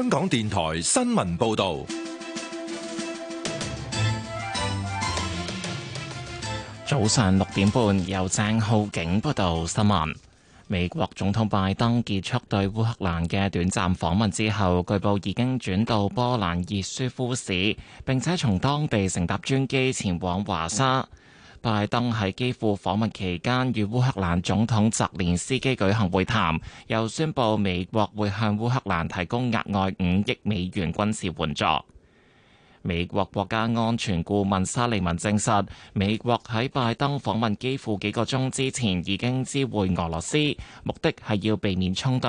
香港電台新聞報道，早上六點半，由鄭浩景報道新聞。美國總統拜登結束對烏克蘭嘅短暫訪問之後，據報已經轉到波蘭熱舒夫市，並且從當地乘搭專機前往華沙。拜登喺基輔訪問期間與烏克蘭總統澤連斯基舉行會談，又宣布美國會向烏克蘭提供額外五億美元軍事援助。美國國家安全顧問沙利文證實，美國喺拜登訪問基輔幾個鐘之前已經知會俄羅斯，目的係要避免衝突。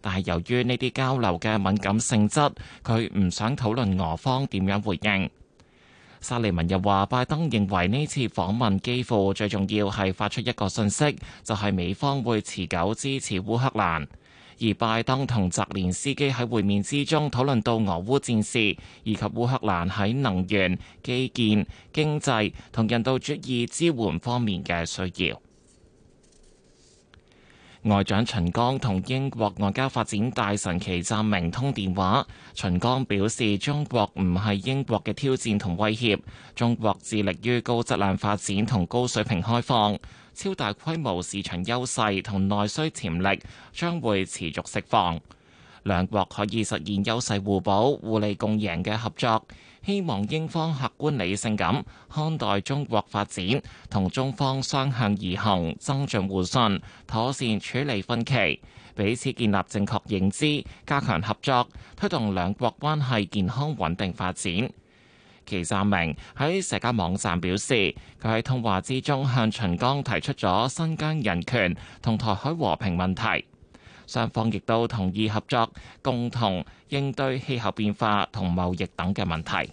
但係由於呢啲交流嘅敏感性質，佢唔想討論俄方點樣回應。沙利文又話拜登認為呢次訪問基輔最重要係發出一個信息，就係、是、美方會持久支持烏克蘭。而拜登同澤連斯基喺會面之中討論到俄烏戰事，以及烏克蘭喺能源、基建、經濟同人道主義支援方面嘅需要。外長秦剛同英國外交發展大臣祁湛明通電話，秦剛表示中國唔係英國嘅挑戰同威脅，中國致力於高質量發展同高水平開放，超大規模市場優勢同內需潛力將會持續釋放，兩國可以實現優勢互補、互利共贏嘅合作。希望英方客觀理性咁看待中國發展，同中方雙向而行，增進互信，妥善處理分歧，彼此建立正確認知，加強合作，推動兩國關係健康穩定發展。祁湛明喺社交網站表示，佢喺通話之中向秦剛提出咗新疆人權同台海和平問題，雙方亦都同意合作，共同應對氣候變化同貿易等嘅問題。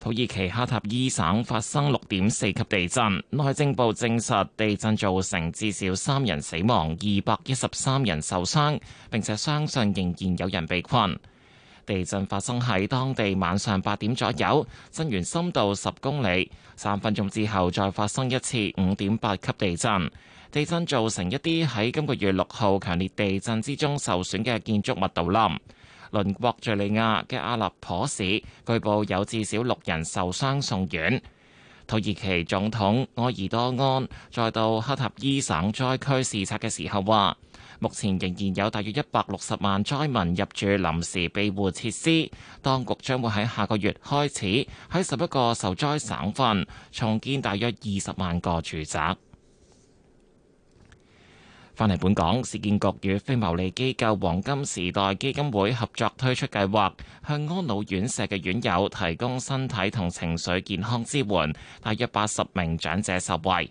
土耳其哈塔伊省發生六點四級地震，內政部證實地震造成至少三人死亡，二百一十三人受傷，並且相信仍然有人被困。地震發生喺當地晚上八點左右，震源深度十公里，三分鐘之後再發生一次五點八級地震。地震造成一啲喺今個月六號強烈地震之中受損嘅建築物倒冧。鄰國敘利亞嘅阿勒頗市據報有至少六人受傷送院。土耳其總統埃爾多安再到黑塔伊省災區視察嘅時候話，目前仍然有大約一百六十萬災民入住臨時庇護設施，當局將會喺下個月開始喺十一個受災省份重建大約二十萬個住宅。翻嚟，本港，市建局與非牟利機構黃金時代基金會合作推出計劃，向安老院舍嘅院友提供身體同情緒健康支援，大約八十名長者受惠。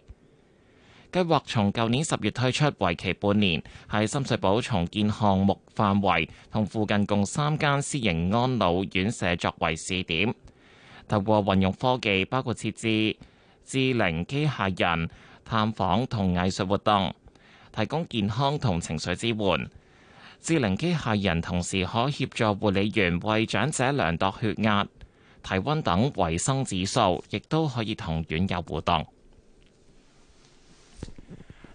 計劃從舊年十月推出，為期半年，喺深水埗重建項目範圍同附近共三間私營安老院舍作為試點，透過運用科技，包括設置智能機械人探訪同藝術活動。提供健康同情緒支援，智能機械人同時可協助護理員為長者量度血壓、體温等維生指數，亦都可以同院友互動。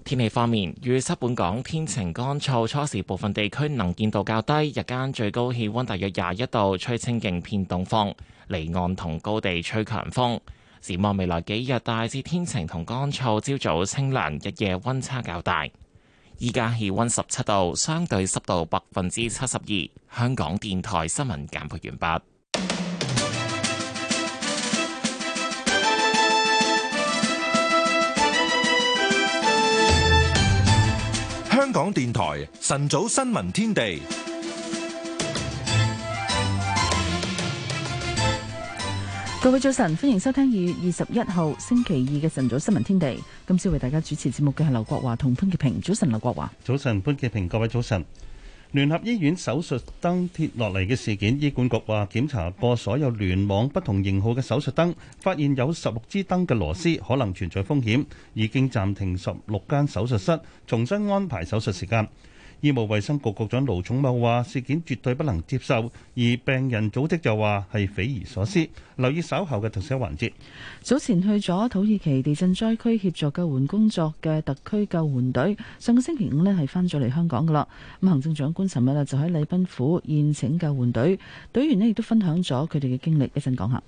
天氣方面預測，本港天晴乾燥，初時部分地區能見度較低，日間最高氣温大約廿一度，吹清勁偏東風，離岸同高地吹強風。展望未來幾日，大致天晴同乾燥，朝早清涼，日夜温差較大。依家氣溫十七度，相對濕度百分之七十二。香港電台新聞簡報完畢。香港電台晨早新聞天地。各位早晨，歡迎收聽二月二十一號星期二嘅晨早新聞天地。今朝為大家主持節目嘅係劉國華同潘潔平。早晨，劉國華。早晨，潘潔平。各位早晨。聯合醫院手術燈跌落嚟嘅事件，醫管局話檢查過所有聯網不同型號嘅手術燈，發現有十六支燈嘅螺絲可能存在風險，已經暫停十六間手術室，重新安排手術時間。醫務衛生局局長盧寵茂話事件絕對不能接受，而病人組織就話係匪夷所思。留意稍後嘅特寫環節。早前去咗土耳其地震災區協助救援工作嘅特區救援隊，上個星期五咧係翻咗嚟香港噶啦。咁行政長官尋日啊就喺禮賓府宴請救援隊，隊員咧亦都分享咗佢哋嘅經歷，一陣講下。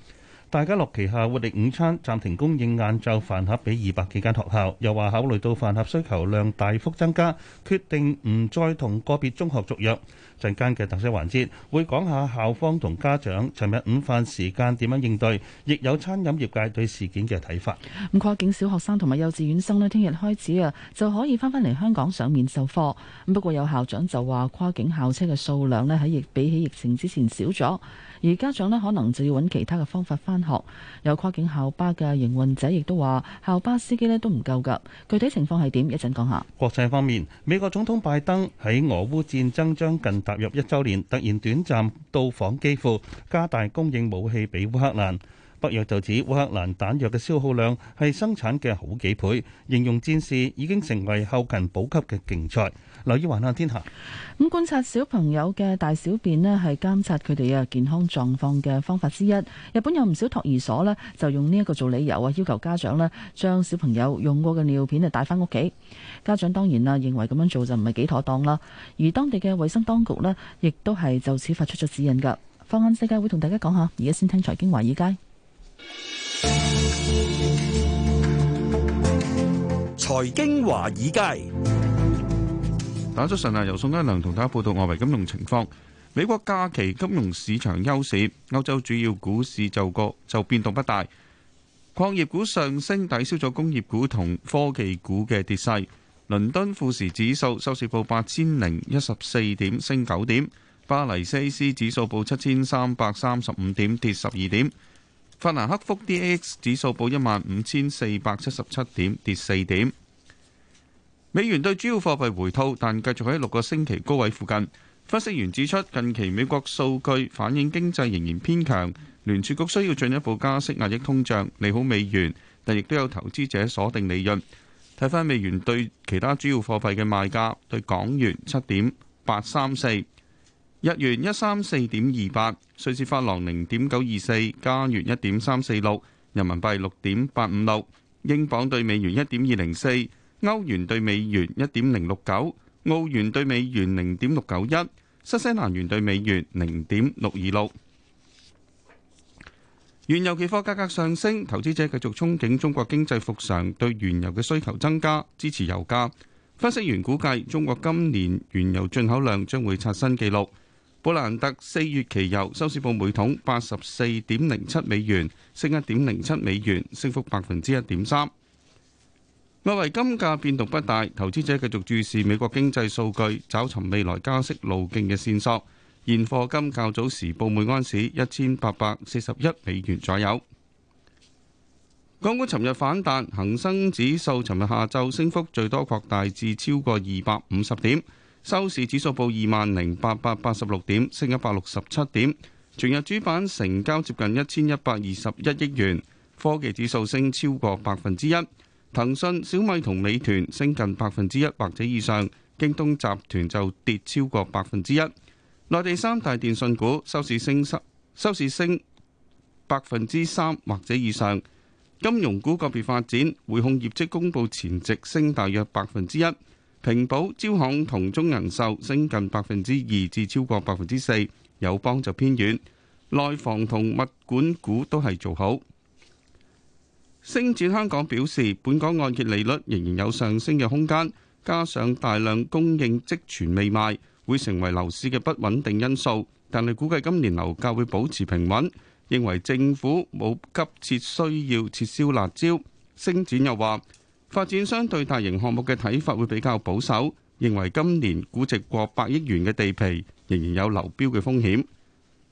大家樂旗下活力午餐暫停供應晏晝飯盒俾二百幾間學校，又話考慮到飯盒需求量大幅增加，決定唔再同個別中學續約。陣間嘅特色環節，會講下校方同家長尋日午飯時間點樣應對，亦有餐飲業界對事件嘅睇法。咁跨境小學生同埋幼稚園生咧，聽日開始啊，就可以翻返嚟香港上面授課。咁不過有校長就話，跨境校車嘅數量咧喺疫比起疫情之前少咗，而家長咧可能就要揾其他嘅方法翻學。有跨境校巴嘅營運者亦都話，校巴司機咧都唔夠㗎。具體情況係點？一陣講下。國際方面，美國總統拜登喺俄烏戰爭將近。踏入一周年，突然短暫到訪基輔，加大供應武器俾烏克蘭。北約就指烏克蘭彈藥嘅消耗量係生產嘅好幾倍，形容戰事已經成為後勤補給嘅競賽。留意雲下天下。咁觀察小朋友嘅大小便咧，係監察佢哋嘅健康狀況嘅方法之一。日本有唔少托兒所呢，就用呢一個做理由啊，要求家長咧將小朋友用過嘅尿片啊帶翻屋企。家長當然啦，認為咁樣做就唔係幾妥當啦。而當地嘅衛生當局呢，亦都係就此發出咗指引噶。放眼世界會同大家講下。而家先聽財經華爾街。財經華爾街。打咗陣啊！由宋家良同大家報道外圍金融情況。美國假期金融市場優勢，歐洲主要股市就個就變動不大。礦業股上升抵消咗工業股同科技股嘅跌勢，倫敦富時指數收市報八千零一十四點升九點，巴黎 CAC 指數報七千三百三十五點跌十二點，法蘭克福 DAX 指數報一萬五千四百七十七點跌四點。美元對主要貨幣回吐，但繼續喺六個星期高位附近。分析員指出，近期美國數據反映經濟仍然偏強，聯儲局需要進一步加息壓抑通脹，利好美元，但亦都有投資者鎖定利潤。睇返美元對其他主要貨幣嘅賣價，對港元七點八三四，日元一三四點二八，瑞士法郎零點九二四，加元一點三四六，人民幣六點八五六，英鎊對美元一點二零四。歐元兌美元一點零六九，澳元兌美元零點六九一，新西蘭元兌美元零點六二六。原油期貨價格上升，投資者繼續憧憬中國經濟復常，對原油嘅需求增加，支持油價。分析員估計，中國今年原油進口量將會刷新紀錄。布蘭特四月期油收市報每桶八十四點零七美元，升一點零七美元，升幅百分之一點三。外圍金價變動不大，投資者繼續注視美國經濟數據，找尋未來加息路徑嘅線索。現貨金較早時報每安士一千八百四十一美元左右。港股尋日反彈，恒生指數尋日下晝升幅最多擴大至超過二百五十點，收市指數報二萬零八百八十六點，升一百六十七點。全日主板成交接近一千一百二十一億元，科技指數升超過百分之一。騰訊、小米同美團升近百分之一或者以上，京東集團就跌超過百分之一。內地三大電信股收市升收市升百分之三或者以上，金融股個別發展，匯控業績公布前夕升大約百分之一，平保、招行同中銀壽升近百分之二至超過百分之四，友邦就偏軟。內房同物管股都係做好。星展香港表示，本港按揭利率仍然有上升嘅空間，加上大量供應積存未賣，會成為樓市嘅不穩定因素。但係估計今年樓價會保持平穩，認為政府冇急切需要撤銷辣招。星展又話，發展商對大型項目嘅睇法會比較保守，認為今年估值過百億元嘅地皮仍然有流標嘅風險。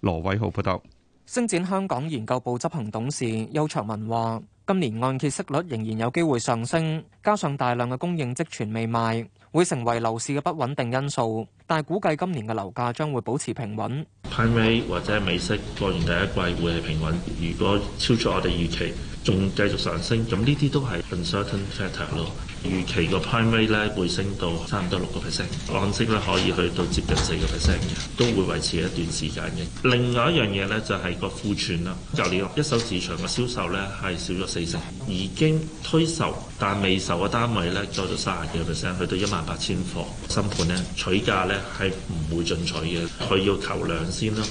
羅偉浩報道。星展香港研究部執行董事邱卓文話。今年按揭息率仍然有機會上升，加上大量嘅供應積存未賣，會成為樓市嘅不穩定因素。但係估計今年嘅樓價將會保持平穩。派尾或者係美息過完第一季會係平穩。如果超出我哋預期，仲繼續上升，咁呢啲都係 uncertain factor 咯。預期個 prime rate 咧，會升到差唔多六個 percent，按息咧可以去到接近四個 percent 嘅，都會維持一段時間嘅。另外一樣嘢咧，就係、是、個庫存啦。舊年一手市場嘅銷售咧，係少咗四成，已經推售但未售嘅單位咧，多咗三十幾個 percent，去到一萬八千個貨。新盤咧，取價咧係唔會進取嘅，佢要求量先啦。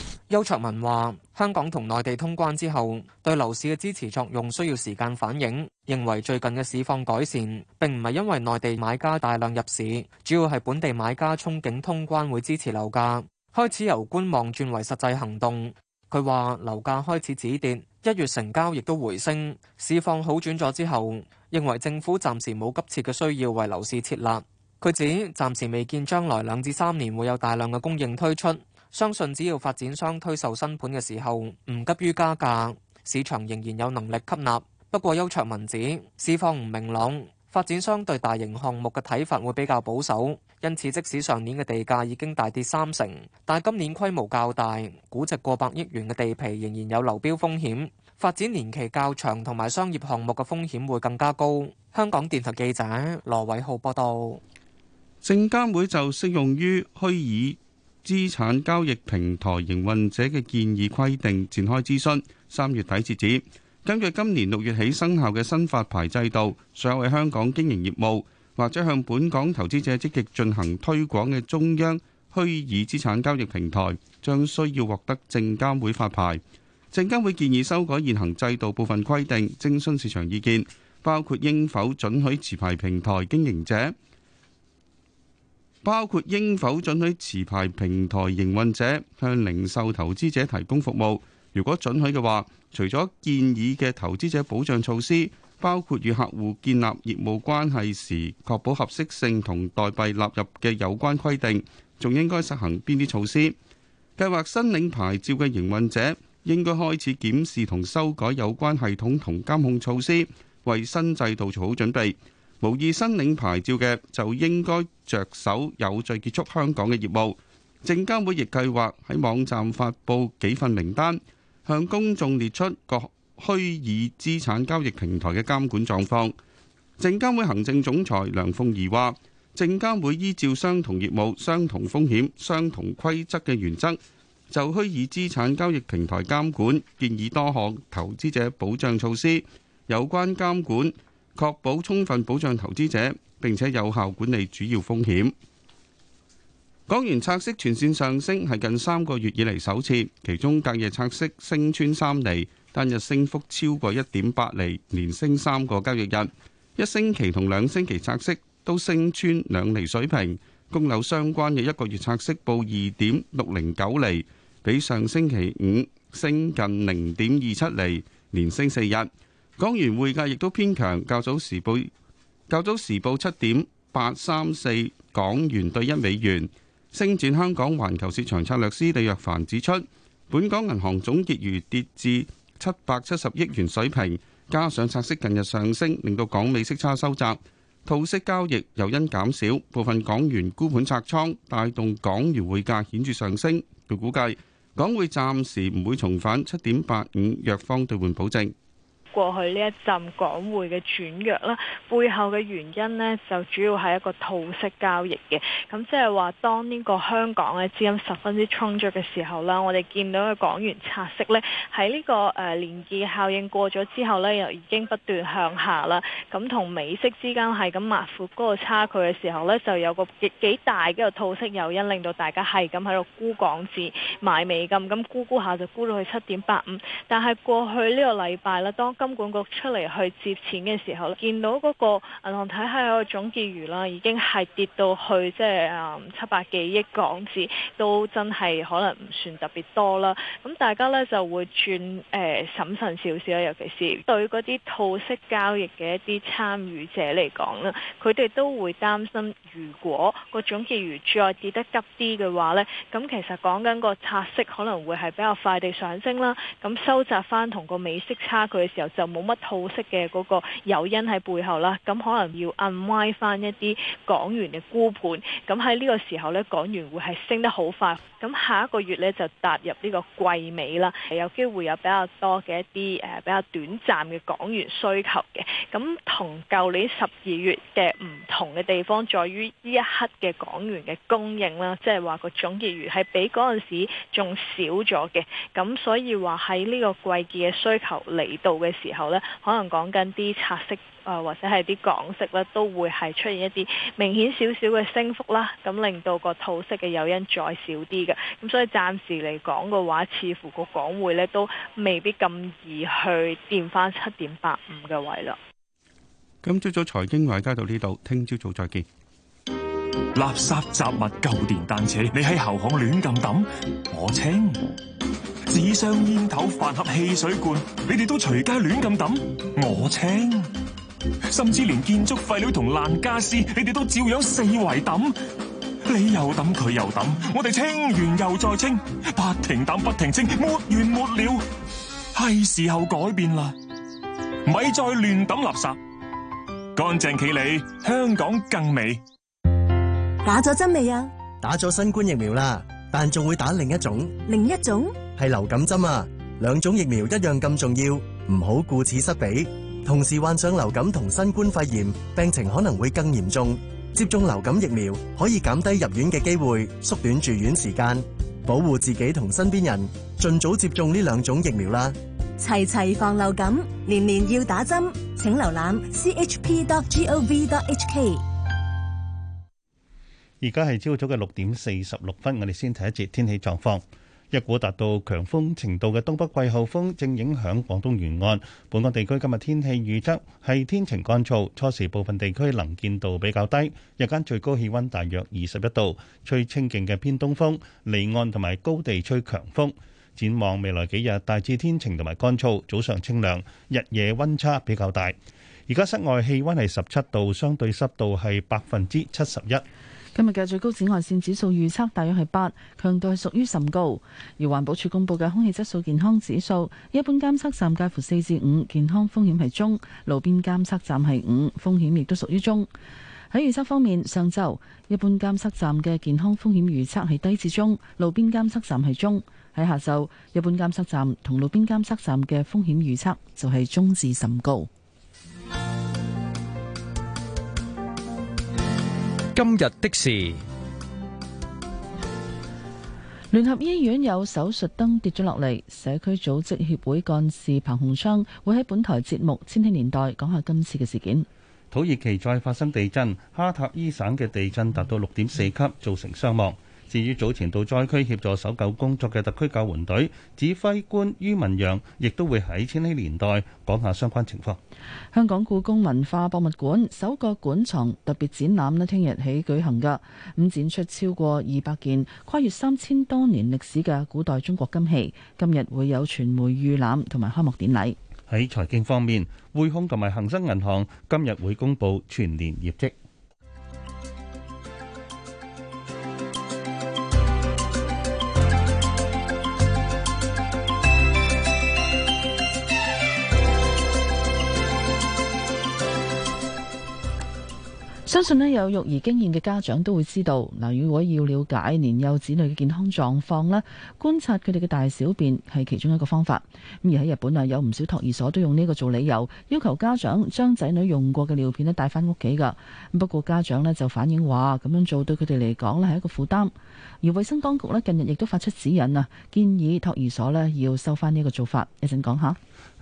邱卓文話：香港同內地通關之後，對樓市嘅支持作用需要時間反映。認為最近嘅市況改善，並唔係因為內地買家大量入市，主要係本地買家憧憬通關會支持樓價，開始由觀望轉為實際行動。佢話樓價開始止跌，一月成交亦都回升，市況好轉咗之後，認為政府暫時冇急切嘅需要為樓市撤辣，佢指暫時未見將來兩至三年會有大量嘅供應推出。相信只要發展商推售新盤嘅時候唔急於加價，市場仍然有能力吸納。不過邱卓文指，市況唔明朗，發展商對大型項目嘅睇法會比較保守。因此，即使上年嘅地價已經大跌三成，但今年規模較大、估值過百億元嘅地皮仍然有流標風險。發展年期較長同埋商業項目嘅風險會更加高。香港電台記者羅偉浩報道。證監會就適用於虛擬。資產交易平台營運者嘅建議規定展開諮詢，三月底截止。根據今年六月起生效嘅新發牌制度，所有喺香港經營業務或者向本港投資者積極進行推廣嘅中央虛擬資產交易平台，將需要獲得證監會發牌。證監會建議修改現行制度部分規定，徵詢市場意見，包括應否准許持牌平台經營者。包括應否准許持牌平台營運者向零售投資者提供服務？如果准許嘅話，除咗建議嘅投資者保障措施，包括與客戶建立業務關係時確保合適性同代幣納入嘅有關規定，仲應該實行邊啲措施？計劃申領牌照嘅營運者應該開始檢視同修改有關系統同監控措施，為新制度做好準備。無意申領牌照嘅，就應該着手有序結束香港嘅業務。證監會亦計劃喺網站發布幾份名單，向公眾列出各虛擬資產交易平台嘅監管狀況。證監會行政總裁梁鳳儀話，證監會依照相同業務、相同風險、相同規則嘅原則，就虛擬資產交易平台監管，建議多項投資者保障措施。有關監管，確保充分保障投資者，並且有效管理主要風險。港元拆息全線上升，係近三個月以嚟首次。其中隔夜拆息升穿三釐，單日升幅超過一點八釐，連升三個交易日。一星期同兩星期拆息都升穿兩釐水平。供樓相關嘅一個月拆息報二點六零九釐，比上星期五升近零點二七釐，連升四日。港元匯價亦都偏強，較早時報較早時報七點八三四港元對一美元。星展香港環球市場策略師李若凡指出，本港銀行總結餘跌至七百七十億元水平，加上拆息近日上升，令到港美息差收窄。套息交易又因減少，部分港元沽盤拆倉，帶動港元匯價顯著上升。據估計港匯暫時唔會重返七點八五弱方兌換保證。過去呢一陣港匯嘅轉弱啦，背後嘅原因呢就主要係一個套息交易嘅。咁即係話當呢個香港嘅資金十分之充足嘅時候啦，我哋見到嘅港元拆息呢喺呢個誒年結效應過咗之後呢，又已經不斷向下啦。咁同美息之間係咁抹闊嗰個差距嘅時候呢，就有個幾幾大嘅套息誘因，令到大家係咁喺度沽港紙買美金，咁沽沽下就沽到去七點八五。但係過去呢個禮拜啦，當今金管局出嚟去接錢嘅時候咧，見到嗰個銀行體系個總結餘啦，已經係跌到去即係誒七百幾億港紙都真係可能唔算特別多啦。咁、嗯、大家咧就會轉誒審慎少少啦，尤其是對嗰啲套息交易嘅一啲參與者嚟講啦，佢哋都會擔心，如果個總結餘再跌得急啲嘅話咧，咁、嗯、其實講緊個拆息可能會係比較快地上升啦，咁、嗯、收窄翻同個美息差距嘅時候，就冇乜套息嘅嗰個誘因喺背後啦，咁可能要 unwind 翻一啲港元嘅沽盤，咁喺呢個時候咧，港元會係升得好快，咁下一個月咧就踏入呢個季尾啦，係有機會有比較多嘅一啲誒、呃、比較短暫嘅港元需求嘅，咁同舊年十二月嘅唔同嘅地方，在於呢一刻嘅港元嘅供應啦，即係話個總結餘係比嗰陣時仲少咗嘅，咁所以話喺呢個季節嘅需求嚟到嘅時候咧，可能講緊啲拆息啊，或者係啲港息咧，都會係出現一啲明顯少少嘅升幅啦，咁令到個套息嘅誘因再少啲嘅，咁所以暫時嚟講嘅話，似乎個港匯咧都未必咁易去掂翻七點八五嘅位咯。今朝早，財經外街到呢度，聽朝早再見。垃圾雜物舊電單車，你喺後巷亂咁抌，我清。紙箱、煙頭、飯盒、汽水罐，你哋都隨街亂咁抌，我清；甚至連建築廢料同爛家私，你哋都照樣四圍抌。你又抌，佢又抌，我哋清完又再清，不停抌不停清，沒完沒了。係時候改變啦，咪再亂抌垃圾，乾淨企理，香港更美。打咗針未啊？打咗新冠疫苗啦，但仲會打另一種。另一種？係流感針啊，兩種疫苗一樣咁重要，唔好顧此失彼。同時患上流感同新冠肺炎，病情可能會更嚴重。接種流感疫苗可以減低入院嘅機會，縮短住院時間，保護自己同身邊人。盡早接種呢兩種疫苗啦！齊齊防流感，年年要打針。請瀏覽 chp.gov.hk。而家係朝早嘅六點四十六分，我哋先睇一節天氣狀況。一股達到強風程度嘅東北季候風正影響廣東沿岸，本港地區今日天氣預測係天晴乾燥，初時部分地區能見度比較低，日間最高氣温大約二十一度，吹清勁嘅偏東風，離岸同埋高地吹強風。展望未來幾日大致天晴同埋乾燥，早上清涼，日夜温差比較大。而家室外氣温係十七度，相對濕度係百分之七十一。今日嘅最高紫外線指數預測大約係八，強度係屬於甚高。而環保署公布嘅空氣質素健康指數，一般監測站介乎四至五，健康風險係中；路邊監測站係五，風險亦都屬於中。喺預測方面，上晝一般監測站嘅健康風險預測係低至中，路邊監測站係中。喺下晝，一般監測站同路邊監測站嘅風險預測就係中至甚高。今日的事，聯合醫院有手術燈跌咗落嚟。社區組織協會幹事彭洪昌會喺本台節目《千禧年代》講下今次嘅事件。土耳其再發生地震，哈塔伊省嘅地震達到六點四級，造成傷亡。至於早前到災區協助搜救工作嘅特區救援隊指揮官于文陽，亦都會喺千禧年代講下相關情況。香港故宮文化博物館首個館藏特別展覽咧，聽日起舉行嘅，咁展出超過二百件跨越三千多年歷史嘅古代中國金器。今日會有傳媒預覽同埋開幕典禮。喺財經方面，匯控同埋恒生銀行今日會公布全年業績。相信咧有育兒經驗嘅家長都會知道，嗱，如果要了解年幼子女嘅健康狀況咧，觀察佢哋嘅大小便係其中一個方法。咁而喺日本啊，有唔少托兒所都用呢個做理由，要求家長將仔女用過嘅尿片咧帶翻屋企噶不過家長咧就反映話，咁樣做對佢哋嚟講咧係一個負擔。而衛生當局咧近日亦都發出指引啊，建議托兒所咧要收翻呢一個做法。一陣講下。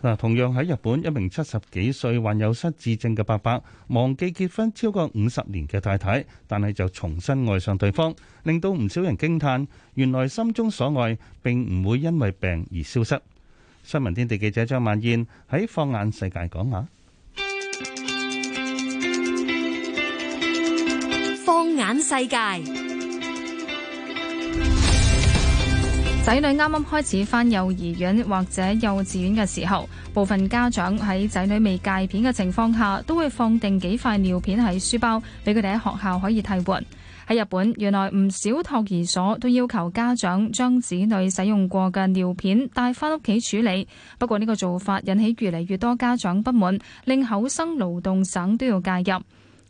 嗱，同樣喺日本，一名七十幾歲患有失智症嘅伯伯，忘記結婚超過五十年嘅太太，但係就重新愛上對方，令到唔少人驚嘆，原來心中所愛並唔會因為病而消失。新聞天地記者張曼燕喺《放眼世界》講下《放眼世界》。仔女啱啱開始翻幼兒園或者幼稚園嘅時候，部分家長喺仔女未戒片嘅情況下，都會放定幾塊尿片喺書包，俾佢哋喺學校可以替換。喺日本，原來唔少托兒所都要求家長將子女使用過嘅尿片帶翻屋企處理。不過呢個做法引起越嚟越多家長不滿，令厚生勞動省都要介入。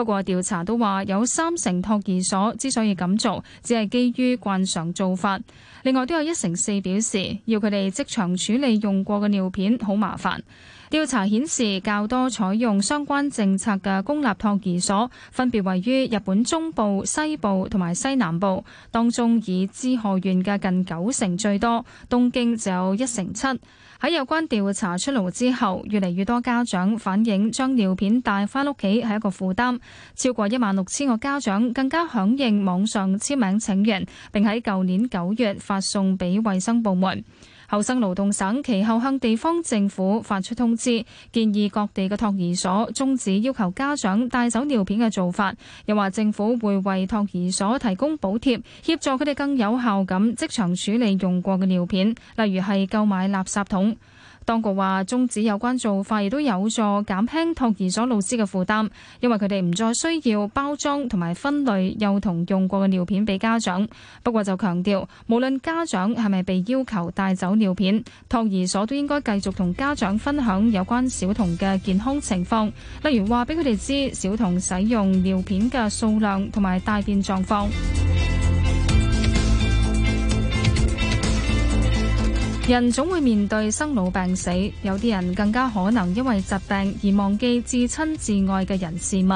不過調查都話有三成託兒所之所以咁做，只係基於慣常做法。另外都有一成四表示要佢哋即場處理用過嘅尿片好麻煩。調查顯示較多採用相關政策嘅公立託兒所，分別位於日本中部、西部同埋西、西南部，當中以滋賀縣嘅近九成最多，東京就有一成七。喺有關調查出爐之後，越嚟越多家長反映將尿片帶返屋企係一個負擔，超過一萬六千個家長更加響應網上簽名請願，並喺舊年九月發送畀衛生部門。厚生勞動省其後向地方政府發出通知，建議各地嘅托兒所終止要求家長帶走尿片嘅做法，又話政府會為托兒所提供補貼，協助佢哋更有效咁即場處理用過嘅尿片，例如係購買垃圾桶。當局話終止有關做法，亦都有助減輕托兒所老師嘅負擔，因為佢哋唔再需要包裝同埋分類幼童用過嘅尿片俾家長。不過就強調，無論家長係咪被要求帶走尿片，托兒所都應該繼續同家長分享有關小童嘅健康情況，例如話俾佢哋知小童使用尿片嘅數量同埋大便狀況。人總會面對生老病死，有啲人更加可能因為疾病而忘記至親至愛嘅人事物。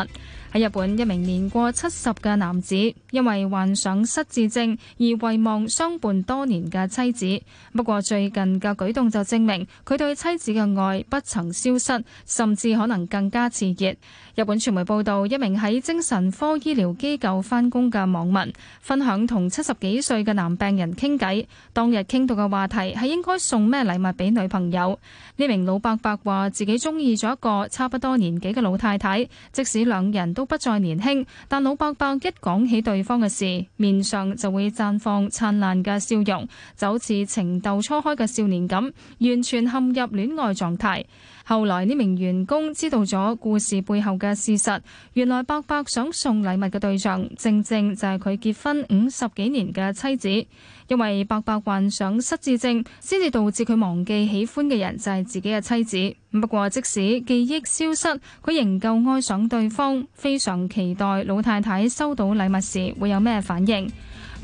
喺日本，一名年過七十嘅男子因為患上失智症而遺忘相伴多年嘅妻子，不過最近嘅舉動就證明佢對妻子嘅愛不曾消失，甚至可能更加熾熱。日本傳媒報道，一名喺精神科醫療機構返工嘅網民，分享同七十幾歲嘅男病人傾偈。當日傾到嘅話題係應該送咩禮物俾女朋友。呢名老伯伯話自己中意咗一個差不多年紀嘅老太太，即使兩人都不再年輕，但老伯伯一講起對方嘅事，面上就會綻放燦爛嘅笑容，就好似情竇初開嘅少年咁，完全陷入戀愛狀態。後來呢名員工知道咗故事背後嘅事實，原來伯伯想送禮物嘅對象正正就係佢結婚五十幾年嘅妻子，因為伯伯患上失智症，先至導致佢忘記喜歡嘅人就係自己嘅妻子。不過即使記憶消失，佢仍夠愛上對方，非常期待老太太收到禮物時會有咩反應。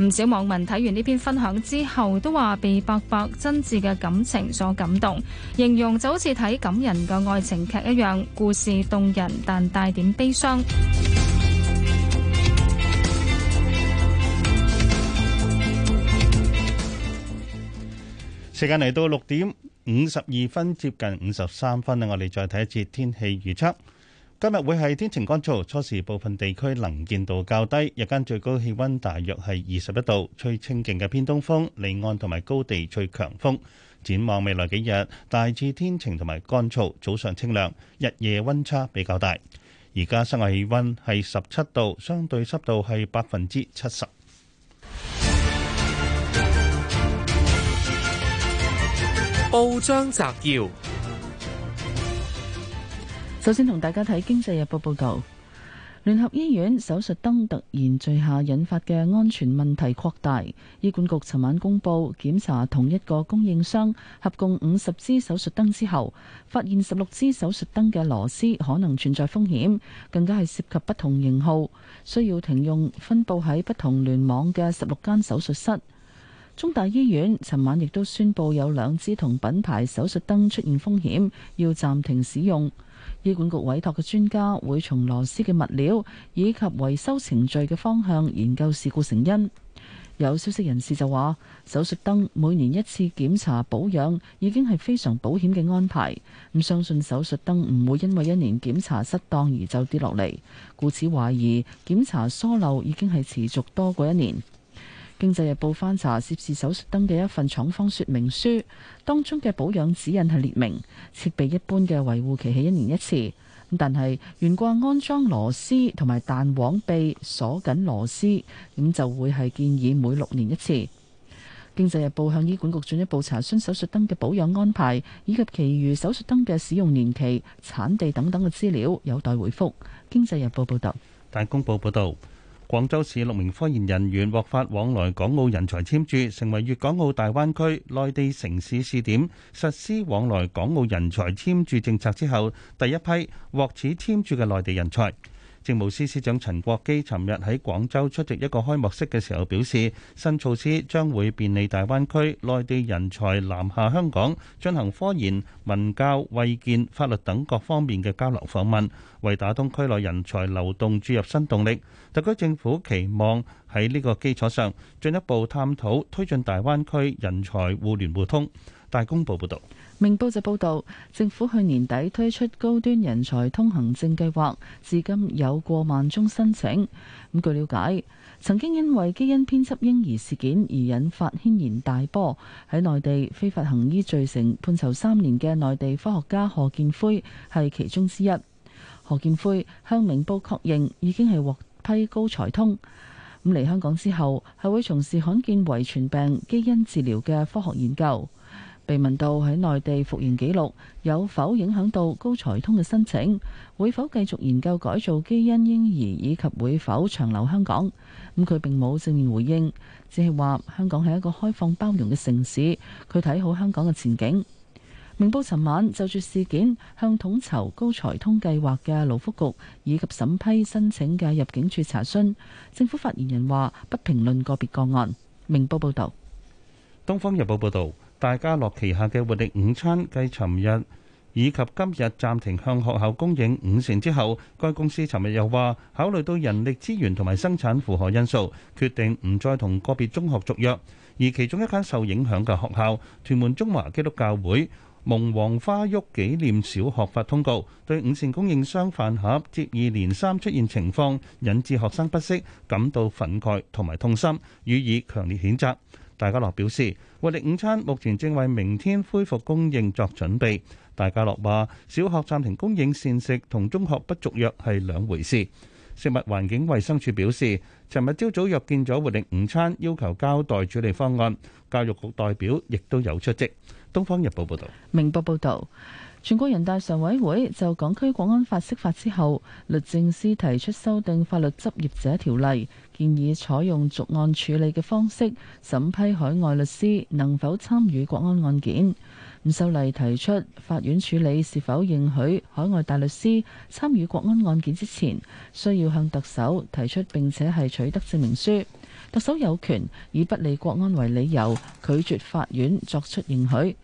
唔少網民睇完呢篇分享之後，都話被伯伯真摯嘅感情所感動，形容就好似睇感人嘅愛情劇一樣，故事動人但帶點悲傷。時間嚟到六點五十二分，接近五十三分啦，我哋再睇一次天氣預測。今日會係天晴乾燥，初時部分地區能見度較低，日間最高氣溫大約係二十一度，吹清勁嘅偏東風，離岸同埋高地吹強風。展望未來幾日，大致天晴同埋乾燥，早上清涼，日夜溫差比較大。而家室外氣溫係十七度，相對濕度係百分之七十。報章摘要。首先同大家睇《經濟日報》報道，聯合醫院手術燈突然墜下，引發嘅安全問題擴大。醫管局尋晚公布檢查同一個供應商合共五十支手術燈之後，發現十六支手術燈嘅螺絲可能存在風險，更加係涉及不同型號，需要停用分佈喺不同聯網嘅十六間手術室。中大醫院尋晚亦都宣佈有兩支同品牌手術燈出現風險，要暫停使用。醫管局委託嘅專家會從螺絲嘅物料以及維修程序嘅方向研究事故成因。有消息人士就話，手術燈每年一次檢查保養已經係非常保險嘅安排。咁相信手術燈唔會因為一年檢查失當而就跌落嚟，故此懷疑檢查疏漏已經係持續多過一年。經濟日報翻查涉事手術燈嘅一份廠方說明書，當中嘅保養指引係列明，設備一般嘅維護期係一年一次。咁但係懸掛安裝螺絲同埋彈簧臂鎖緊螺絲，咁就會係建議每六年一次。經濟日報向醫管局進一步查詢手術燈嘅保養安排以及其餘手術燈嘅使用年期、產地等等嘅資料，有待回覆。經濟日報報道，大公報報道。廣州市六名科研人員獲發往來港澳人才簽注，成為粵港澳大灣區內地城市試點實施往來港澳人才簽注政策之後第一批獲此簽注嘅內地人才。政務司司長陳國基尋日喺廣州出席一個開幕式嘅時候表示，新措施將會便利大灣區內地人才南下香港，進行科研、文教、衛健、法律等各方面嘅交流訪問，為打通區內人才流動注入新動力。特區政府期望喺呢個基礎上進一步探討推進大灣區人才互聯互通。大公報報道，明報就報道，政府去年底推出高端人才通行證計劃，至今有過萬宗申請。咁據了解，曾經因為基因編輯嬰兒事件而引發軒然大波。喺內地非法行醫罪成判囚三年嘅內地科學家何建輝係其中之一。何建輝向明報確認，已經係獲批高才通。咁嚟香港之後，係會從事罕見遺傳病基因治療嘅科學研究。被問到喺內地復原記錄有否影響到高才通嘅申請，會否繼續研究改造基因嬰兒，以及會否長留香港？咁佢並冇正面回應，只係話香港係一個開放包容嘅城市，佢睇好香港嘅前景。明報尋晚就住事件向統籌高才通計劃嘅勞福局以及審批申請嘅入境處查詢，政府發言人話不評論個別個案。明報報道。東方日報報道。大家樂旗下嘅活力午餐，繼尋日以及今日暫停向學校供應午膳之後，該公司尋日又話考慮到人力資源同埋生產負荷因素，決定唔再同個別中學續約，而其中一間受影響嘅學校——屯門中華基督教會蒙黃花沃紀念小學發通告對午膳供應商飯盒接二連三出現情況，引致學生不適感到憤慨同埋痛心，予以強烈譴責。大家樂表示，活力午餐目前正為明天恢復供應作準備。大家樂話，小學暫停供應膳食同中學不續約係兩回事。食物環境衛生署表示，尋日朝早約見咗活力午餐，要求交代處理方案。教育局代表亦都有出席。東方日報報道，明報報道，全國人大常委會就港區國安法釋法之後，律政司提出修訂法律執業者條例。建議採用逐案處理嘅方式審批海外律師能否參與國安案件。咁修例提出法院處理是否認許海外大律師參與國安案件之前，需要向特首提出並且係取得證明書。特首有權以不利國安為理由拒絕法院作出認許。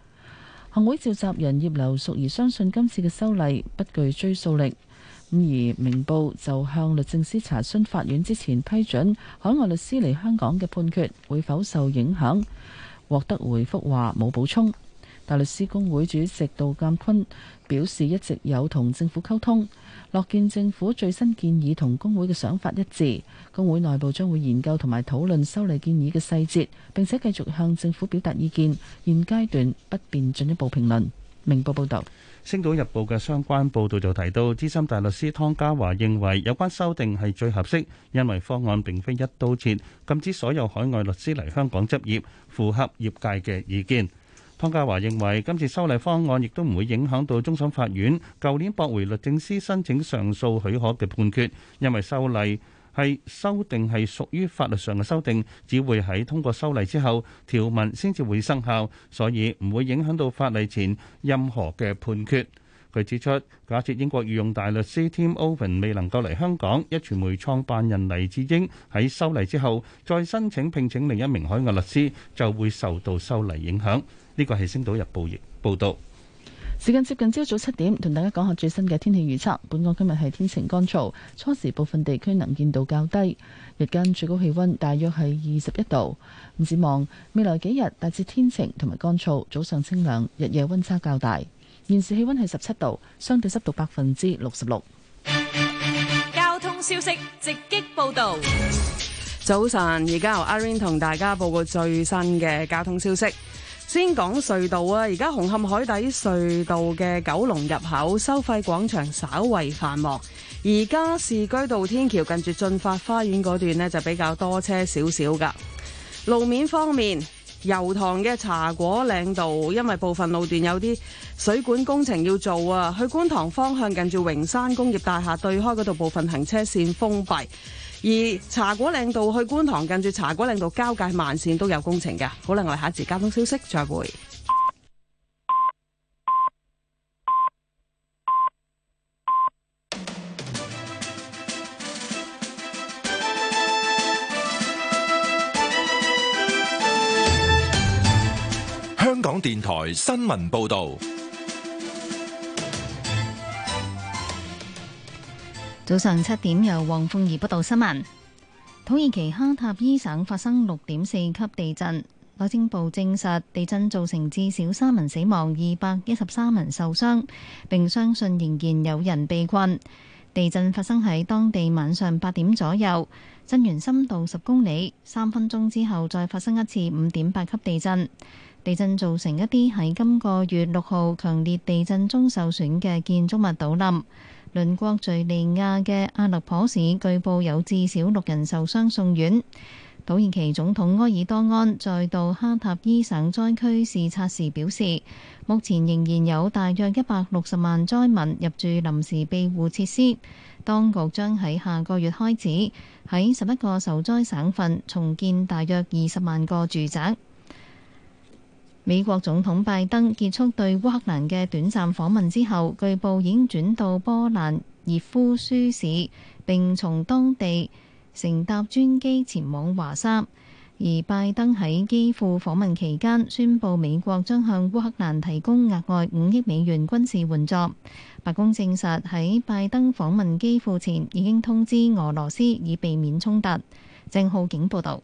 行會召集人葉劉淑儀相信今次嘅修例不具追溯力。而明報就向律政司查詢法院之前批准海外律師嚟香港嘅判決會否受影響，獲得回覆話冇補充。大律師公會主席杜鑒坤表示一直有同政府溝通，樂見政府最新建議同公會嘅想法一致，公會內部將會研究同埋討論修例建議嘅細節，並且繼續向政府表達意見，現階段不便進一步評論。明報報導，《星島日報》嘅相關報導就提到，資深大律師湯家驊認為有關修訂係最合適，因為方案並非一刀切，禁止所有海外律師嚟香港執業，符合業界嘅意見。湯家驊認為今次修例方案亦都唔會影響到終審法院舊年駁回律政司申請上訴許可嘅判決，因為修例，係修訂係屬於法律上嘅修訂，只會喺通過修例之後條文先至會生效，所以唔會影響到法例前任何嘅判決。佢指出，假設英國御用大律師 Tim Owen 未能夠嚟香港，一傳媒創辦人黎智英喺修例之後再申請聘請另一名海外律師，就會受到修例影響。呢個係《星島日報》報道。時間接近朝早七點，同大家講下最新嘅天氣預測。本港今日係天晴乾燥，初時部分地區能見度較低，日間最高氣溫大約係二十一度。唔指望未來幾日大致天晴同埋乾燥，早上清涼，日夜溫差較大。現時氣溫係十七度，相對濕度百分之六十六。交通消息直擊報道。早晨，而家由阿 Rain 同大家報告最新嘅交通消息。先講隧道啊！而家紅磡海底隧道嘅九龍入口收費廣場稍為繁忙，而家士居道天橋近住進發花園嗰段呢，就比較多車少少噶。路面方面，油塘嘅茶果嶺道，因為部分路段有啲水管工程要做啊，去觀塘方向近住榮山工業大廈對開嗰度部分行車線封閉。而茶果嶺道去觀塘近住茶果嶺道交界慢線都有工程嘅。好，我哋下一次交通消息再會。香港電台新聞報道。早上七點由黃鳳儀報道新聞：土耳其哈塔伊省發生六點四級地震，內政部證實地震造成至少三人死亡、二百一十三人受傷，並相信仍然有人被困。地震發生喺當地晚上八點左右，震源深度十公里。三分鐘之後再發生一次五點八級地震。地震造成一啲喺今個月六號強烈地震中受損嘅建築物倒冧。鄰國敘利亞嘅阿勒頗市，據報有至少六人受傷送院。土耳其總統埃爾多安再到哈塔伊省災區視察時表示，目前仍然有大約一百六十萬災民入住臨時庇護設施。當局將喺下個月開始喺十一個受災省份重建大約二十萬個住宅。美國總統拜登結束對烏克蘭嘅短暫訪問之後，據報已經轉到波蘭熱舒夫市，並從當地乘搭專機前往華沙。而拜登喺基輔訪問期間，宣布美國將向烏克蘭提供額外五億美元軍事援助。白宮證實喺拜登訪問基輔前已經通知俄羅斯，以避免衝突。鄭浩景報道。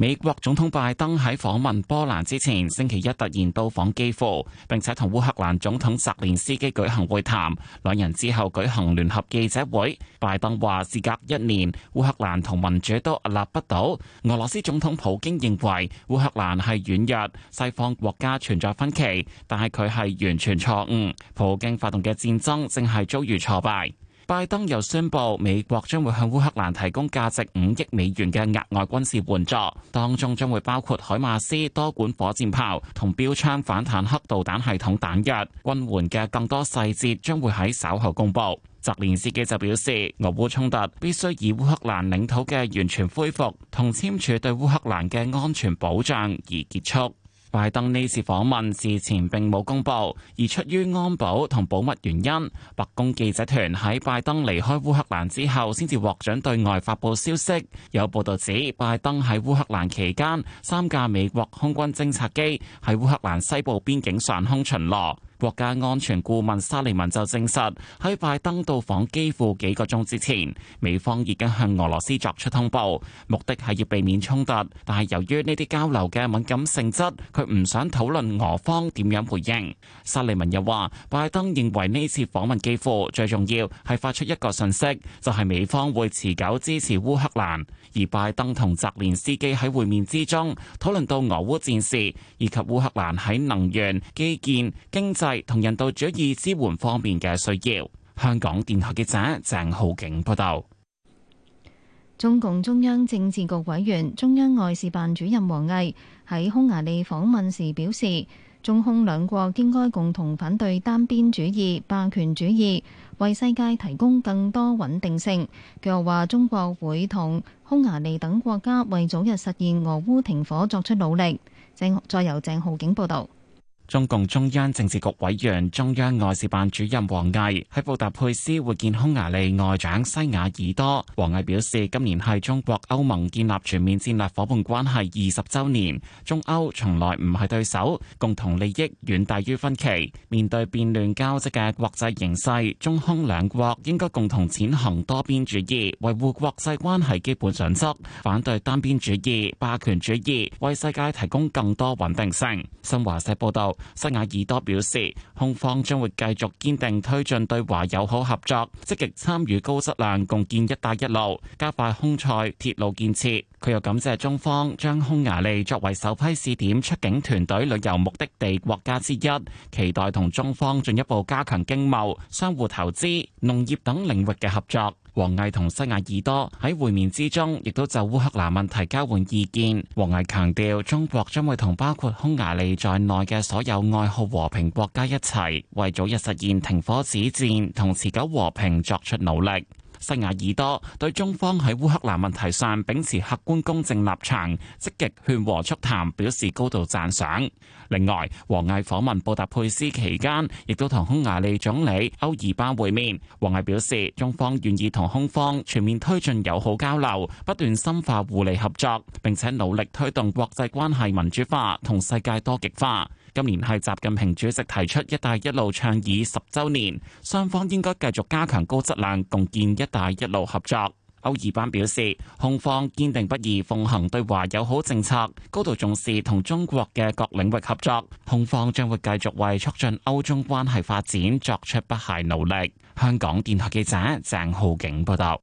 美國總統拜登喺訪問波蘭之前，星期一突然到訪基輔，並且同烏克蘭總統澤連斯基舉行會談，兩人之後舉行聯合記者會。拜登話：事隔一年，烏克蘭同民主都屹立不倒。俄羅斯總統普京認為烏克蘭係軟弱，西方國家存在分歧，但係佢係完全錯誤。普京發動嘅戰爭正係遭遇挫敗。拜登又宣布，美國將會向烏克蘭提供價值五億美元嘅額外軍事援助，當中將會包括海馬斯多管火箭炮同標槍反坦克導彈系統彈藥。軍援嘅更多細節將會喺稍後公布。澤連斯基就表示，俄烏衝突必須以烏克蘭領土嘅完全恢復同簽署對烏克蘭嘅安全保障而結束。拜登呢次訪問事前並冇公布，而出於安保同保密原因，白宮記者團喺拜登離開烏克蘭之後，先至獲准對外發布消息。有報道指，拜登喺烏克蘭期間，三架美國空軍偵察機喺烏克蘭西部邊境上空巡邏。國家安全顧問沙利文就證實，喺拜登到訪基輔幾個鐘之前，美方已經向俄羅斯作出通報，目的係要避免衝突。但係由於呢啲交流嘅敏感性質，佢唔想討論俄方點樣回應。沙利文又話，拜登認為呢次訪問基輔最重要係發出一個訊息，就係美方會持久支持烏克蘭。而拜登同澤連斯基喺會面之中討論到俄烏戰事，以及烏克蘭喺能源、基建、經濟同人道主義支援方面嘅需要。香港電台記者鄭浩景報道，中共中央政治局委員、中央外事辦主任王毅喺匈牙利訪問時表示，中匈兩國應該共同反對單邊主義、霸權主義。為世界提供更多穩定性。佢又話：中國會同匈牙利等國家為早日實現俄烏停火作出努力。正再由鄭浩景報導。中共中央政治局委員、中央外事辦主任王毅喺布達佩斯會見匈牙利外長西雅爾多。王毅表示，今年係中國歐盟建立全面戰略夥伴關係二十周年，中歐從來唔係對手，共同利益遠大於分歧。面對變亂交織嘅國際形勢，中匈兩國應該共同踐行多邊主義，維護國際關係基本準則，反對單邊主義、霸權主義，為世界提供更多穩定性。新華社報道。西雅爾多表示，匈方將會繼續堅定推進對華友好合作，積極參與高質量共建“一帶一路”，加快匈塞鐵路建設。佢又感謝中方將匈牙利作為首批試點出境團隊旅遊目的地國家之一，期待同中方進一步加強經貿、相互投資、農業等領域嘅合作。王毅同西亞爾多喺會面之中，亦都就烏克蘭問題交換意見。王毅強調，中國將會同包括匈牙利在內嘅所有愛好和平國家一齊，為早日實現停火止戰同持久和平作出努力。西亞爾多對中方喺烏克蘭問題上秉持客觀公正立場，積極勸和促談，表示高度讚賞。另外，王毅訪問布達佩斯期間，亦都同匈牙利總理歐爾班會面。王毅表示，中方願意同匈方全面推進友好交流，不斷深化互利合作，並且努力推動國際關係民主化同世界多極化。今年係習近平主席提出「一帶一路」倡議十週年，雙方應該繼續加強高質量共建「一帶一路」合作。歐爾班表示，匈方堅定不移奉行對華友好政策，高度重視同中國嘅各領域合作。匈方將會繼續為促進歐中關係發展作出不懈努力。香港電台記者鄭浩景報道。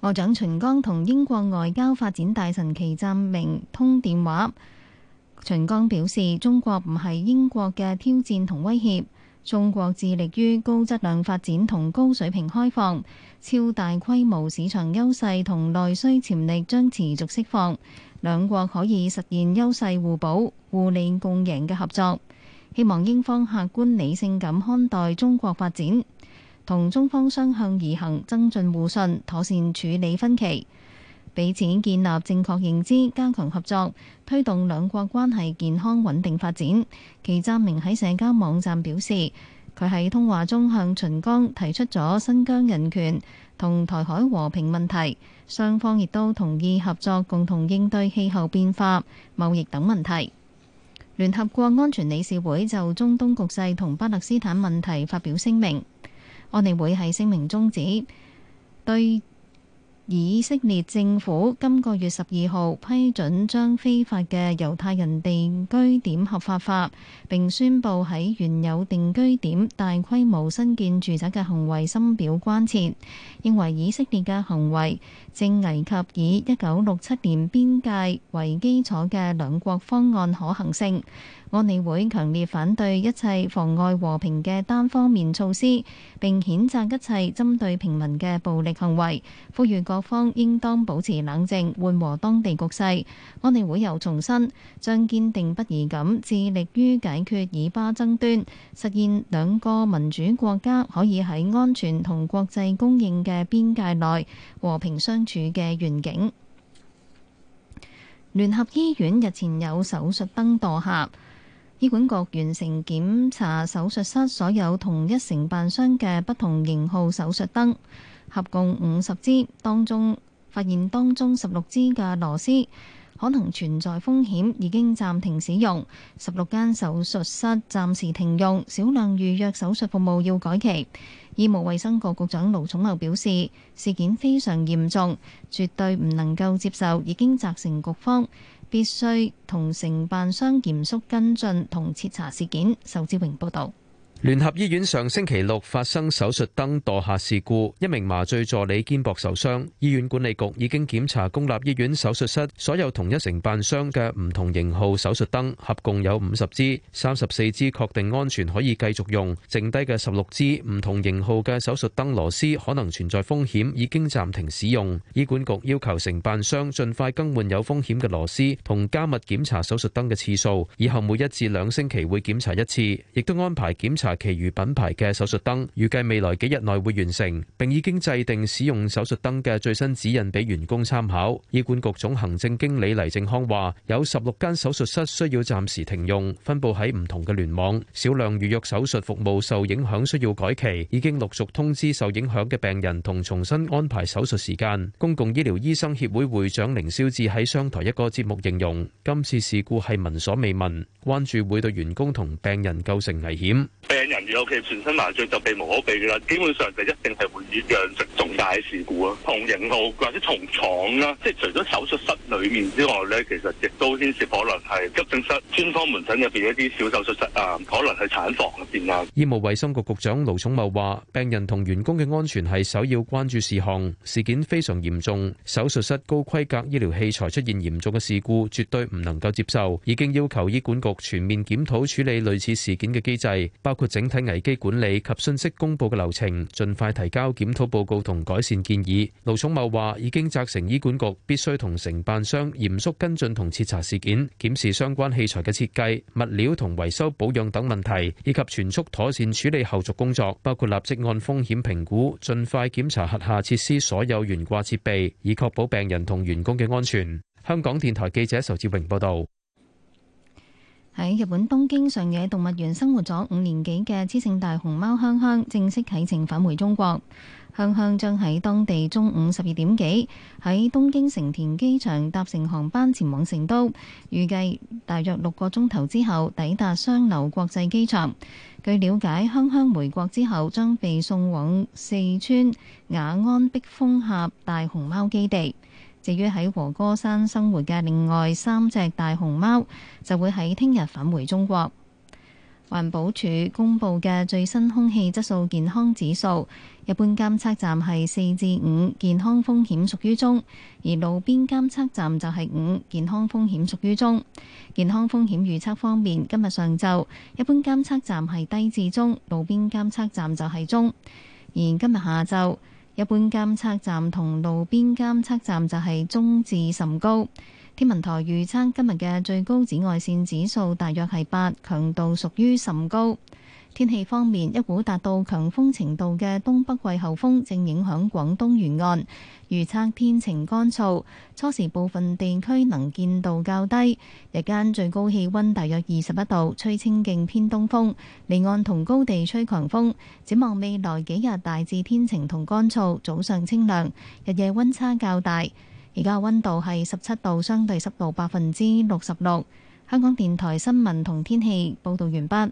外長秦剛同英國外交發展大臣祁湛明通電話。秦剛表示，中國唔係英國嘅挑戰同威脅，中國致力於高質量發展同高水平開放，超大規模市場優勢同內需潛力將持續釋放，兩國可以實現優勢互補、互利共贏嘅合作。希望英方客觀理性咁看待中國發展，同中方雙向而行，增進互信，妥善處理分歧。彼此建立正確認知，加強合作，推動兩國關係健康穩定發展。其站明喺社交網站表示，佢喺通話中向秦剛提出咗新疆人權同台海和平問題，雙方亦都同意合作共同應對氣候變化、貿易等問題。聯合國安全理事會就中東局勢同巴勒斯坦問題發表聲明，安理會喺聲明中指對。以色列政府今個月十二號批准將非法嘅猶太人定居點合法化，並宣布喺原有定居點大規模新建住宅嘅行為深表關切，認為以色列嘅行為正危及以一九六七年邊界為基礎嘅兩國方案可行性。安理會強烈反對一切妨礙和平嘅單方面措施，並譴責一切針對平民嘅暴力行為，呼籲各方應當保持冷靜，緩和當地局勢。安理會又重申，將堅定不移咁致力於解決以巴爭端，實現兩個民主國家可以喺安全同國際公認嘅邊界內和平相處嘅願景。聯合醫院日前有手術燈墮下。醫管局完成檢查手術室所有同一承辦商嘅不同型號手術燈，合共五十支，當中發現當中十六支嘅螺絲可能存在風險，已經暫停使用。十六間手術室暫時停用，少量預約手術服務要改期。醫務衛生局局，局長盧寵茂表示，事件非常嚴重，絕對唔能夠接受，已經責成局方。必須同承辦商嚴肅跟進同徹查事件。仇志榮報道。聯合醫院上星期六發生手術燈墮下事故，一名麻醉助理肩膊受傷。醫院管理局已經檢查公立醫院手術室所有同一承辦商嘅唔同型號手術燈，合共有五十支，三十四支確定安全可以繼續用，剩低嘅十六支唔同型號嘅手術燈螺絲可能存在風險，已經暫停使用。醫管局要求承辦商盡快更換有風險嘅螺絲，同加密檢查手術燈嘅次數，以後每一至兩星期會檢查一次，亦都安排檢查。其餘品牌嘅手術燈，預計未來幾日內會完成，並已經制定使用手術燈嘅最新指引俾員工參考。醫管局總行政經理黎正康話，有十六間手術室需要暫時停用，分布喺唔同嘅聯網，少量預約手術服務受影響，需要改期。已經陸續通知受影響嘅病人同重新安排手術時間。公共醫療醫生協會會長凌霄志喺商台一個節目形容，今次事故係聞所未聞，關注會對員工同病人構成危險。病人尤其全身麻醉就避無可避噶啦，基本上就一定係會釀成重大事故咯。同型號或者同廠啦，即係除咗手術室裏面之外咧，其實亦都牽涉可能係急症室、專科門診入邊一啲小手術室啊，可能係產房入邊啊。醫務衛生局局長盧寵茂話：病人同員工嘅安全係首要關注事項，事件非常嚴重，手術室高規格醫療器材出現嚴重嘅事故，絕對唔能夠接受，已經要求醫管局全面檢討處理類似事件嘅機制，包括。整體危機管理及信息公布嘅流程，盡快提交檢討報告，同改善建議。盧寵茂話：已經責成醫管局必須同承辦商嚴肅跟進同徹查事件，檢視相關器材嘅設計、物料同維修保養等問題，以及全速妥善處理後續工作，包括立即按風險評估，盡快檢查轄下設施所有懸掛設備，以確保病人同員工嘅安全。香港電台記者仇志榮報道。喺日本東京上野動物園生活咗五年幾嘅雌性大熊貓香香正式啟程返回中國。香香將喺當地中午十二點幾喺東京成田機場搭乘航班前往成都，預計大約六個鐘頭之後抵達雙流國際機場。據了解，香香回國之後將被送往四川雅安碧峰峽大熊貓基地。至於喺和歌山生活嘅另外三隻大熊貓就會喺聽日返回中國。環保署公布嘅最新空氣質素健康指數，一般監測站係四至五，健康風險屬於中；而路邊監測站就係五，健康風險屬於中。健康風險預測方面，今日上晝，一般監測站係低至中，路邊監測站就係中；而今日下晝，一般監測站同路邊監測站就係中至甚高。天文台預測今日嘅最高紫外線指數大約係八，強度屬於甚高。天氣方面，一股達到強風程度嘅東北季候風正影響廣東沿岸，預測天晴乾燥，初時部分地區能見度較低，日間最高氣温大約二十一度，吹清勁偏東風，離岸同高地吹強風。展望未來幾日，大致天晴同乾燥，早上清涼，日夜温差較大。而家嘅温度係十七度，相對濕度百分之六十六。香港電台新聞同天氣報導完畢。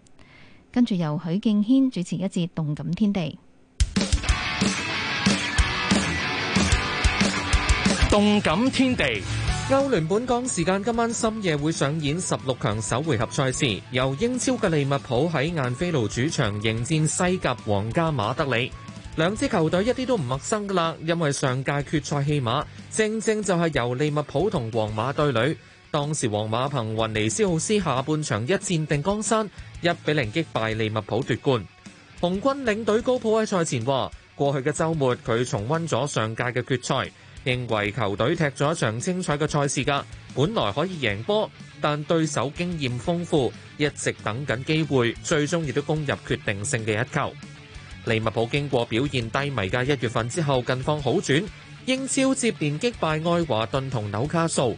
跟住由許敬軒主持一節動感天地。動感天地，歐聯本港時間今晚深夜會上演十六強首回合賽事，由英超嘅利物浦喺晏菲路主場迎戰西甲皇家馬德里。兩支球隊一啲都唔陌生噶啦，因為上屆決賽戲碼正正就係由利物浦同皇馬對壘。當時，皇馬憑雲尼斯奧斯下半場一戰定江山，一比零擊敗利物浦奪冠。紅軍領隊高普喺賽前話：過去嘅週末佢重温咗上屆嘅決賽，認為球隊踢咗一場精彩嘅賽事㗎。本來可以贏波，但對手經驗豐富，一直等緊機會，最終亦都攻入決定性嘅一球。利物浦經過表現低迷嘅一月份之後，近況好轉，英超接連擊敗愛，愛華頓同紐卡素。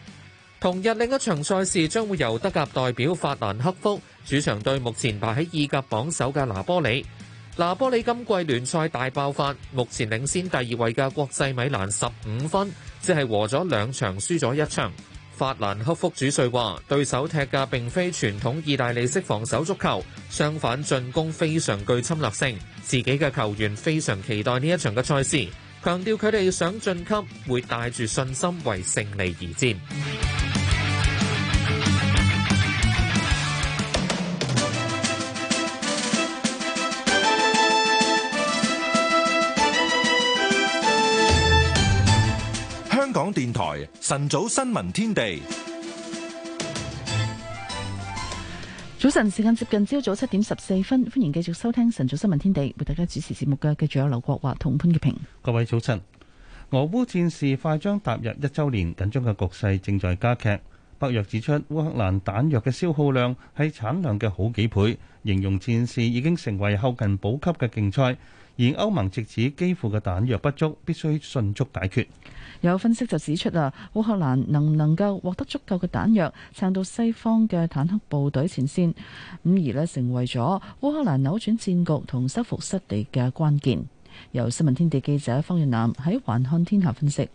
同日另一場賽事將會由德甲代表法蘭克福主場對目前排喺意甲榜首嘅拿波里。拿波里今季聯賽大爆發，目前領先第二位嘅國際米蘭十五分，即係和咗兩場輸咗一場。法蘭克福主帥話：對手踢嘅並非傳統意大利式防守足球，相反進攻非常具侵略性。自己嘅球員非常期待呢一場嘅賽事。強調佢哋想晉級，會帶住信心為勝利而戰。香港電台晨早新聞天地。早晨，時間接近朝早七點十四分，歡迎繼續收聽晨早新聞天地，為大家主持節目嘅，繼續有劉國華同潘潔平。各位早晨，俄烏戰事快將踏入一周年，緊張嘅局勢正在加劇。北約指出，烏克蘭彈藥嘅消耗量係產量嘅好幾倍，形容戰事已經成為後勤補給嘅競賽，而歐盟直指幾乎嘅彈藥不足，必須迅速解決。有分析就指出啦，烏克蘭能唔能夠獲得足夠嘅彈藥，撐到西方嘅坦克部隊前線，咁而咧成為咗烏克蘭扭轉戰局同收復失地嘅關鍵。由新聞天地記者方潤南喺《環看天下》分析，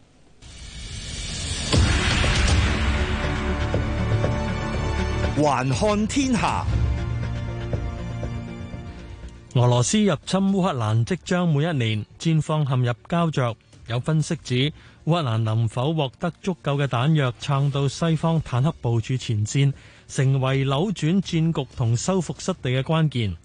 《環看天下》俄羅斯入侵烏克蘭即將滿一年，戰況陷入膠着。有分析指。烏克蘭能否獲得足夠嘅彈藥，撐到西方坦克部署前線，成為扭轉戰局同收復失地嘅關鍵。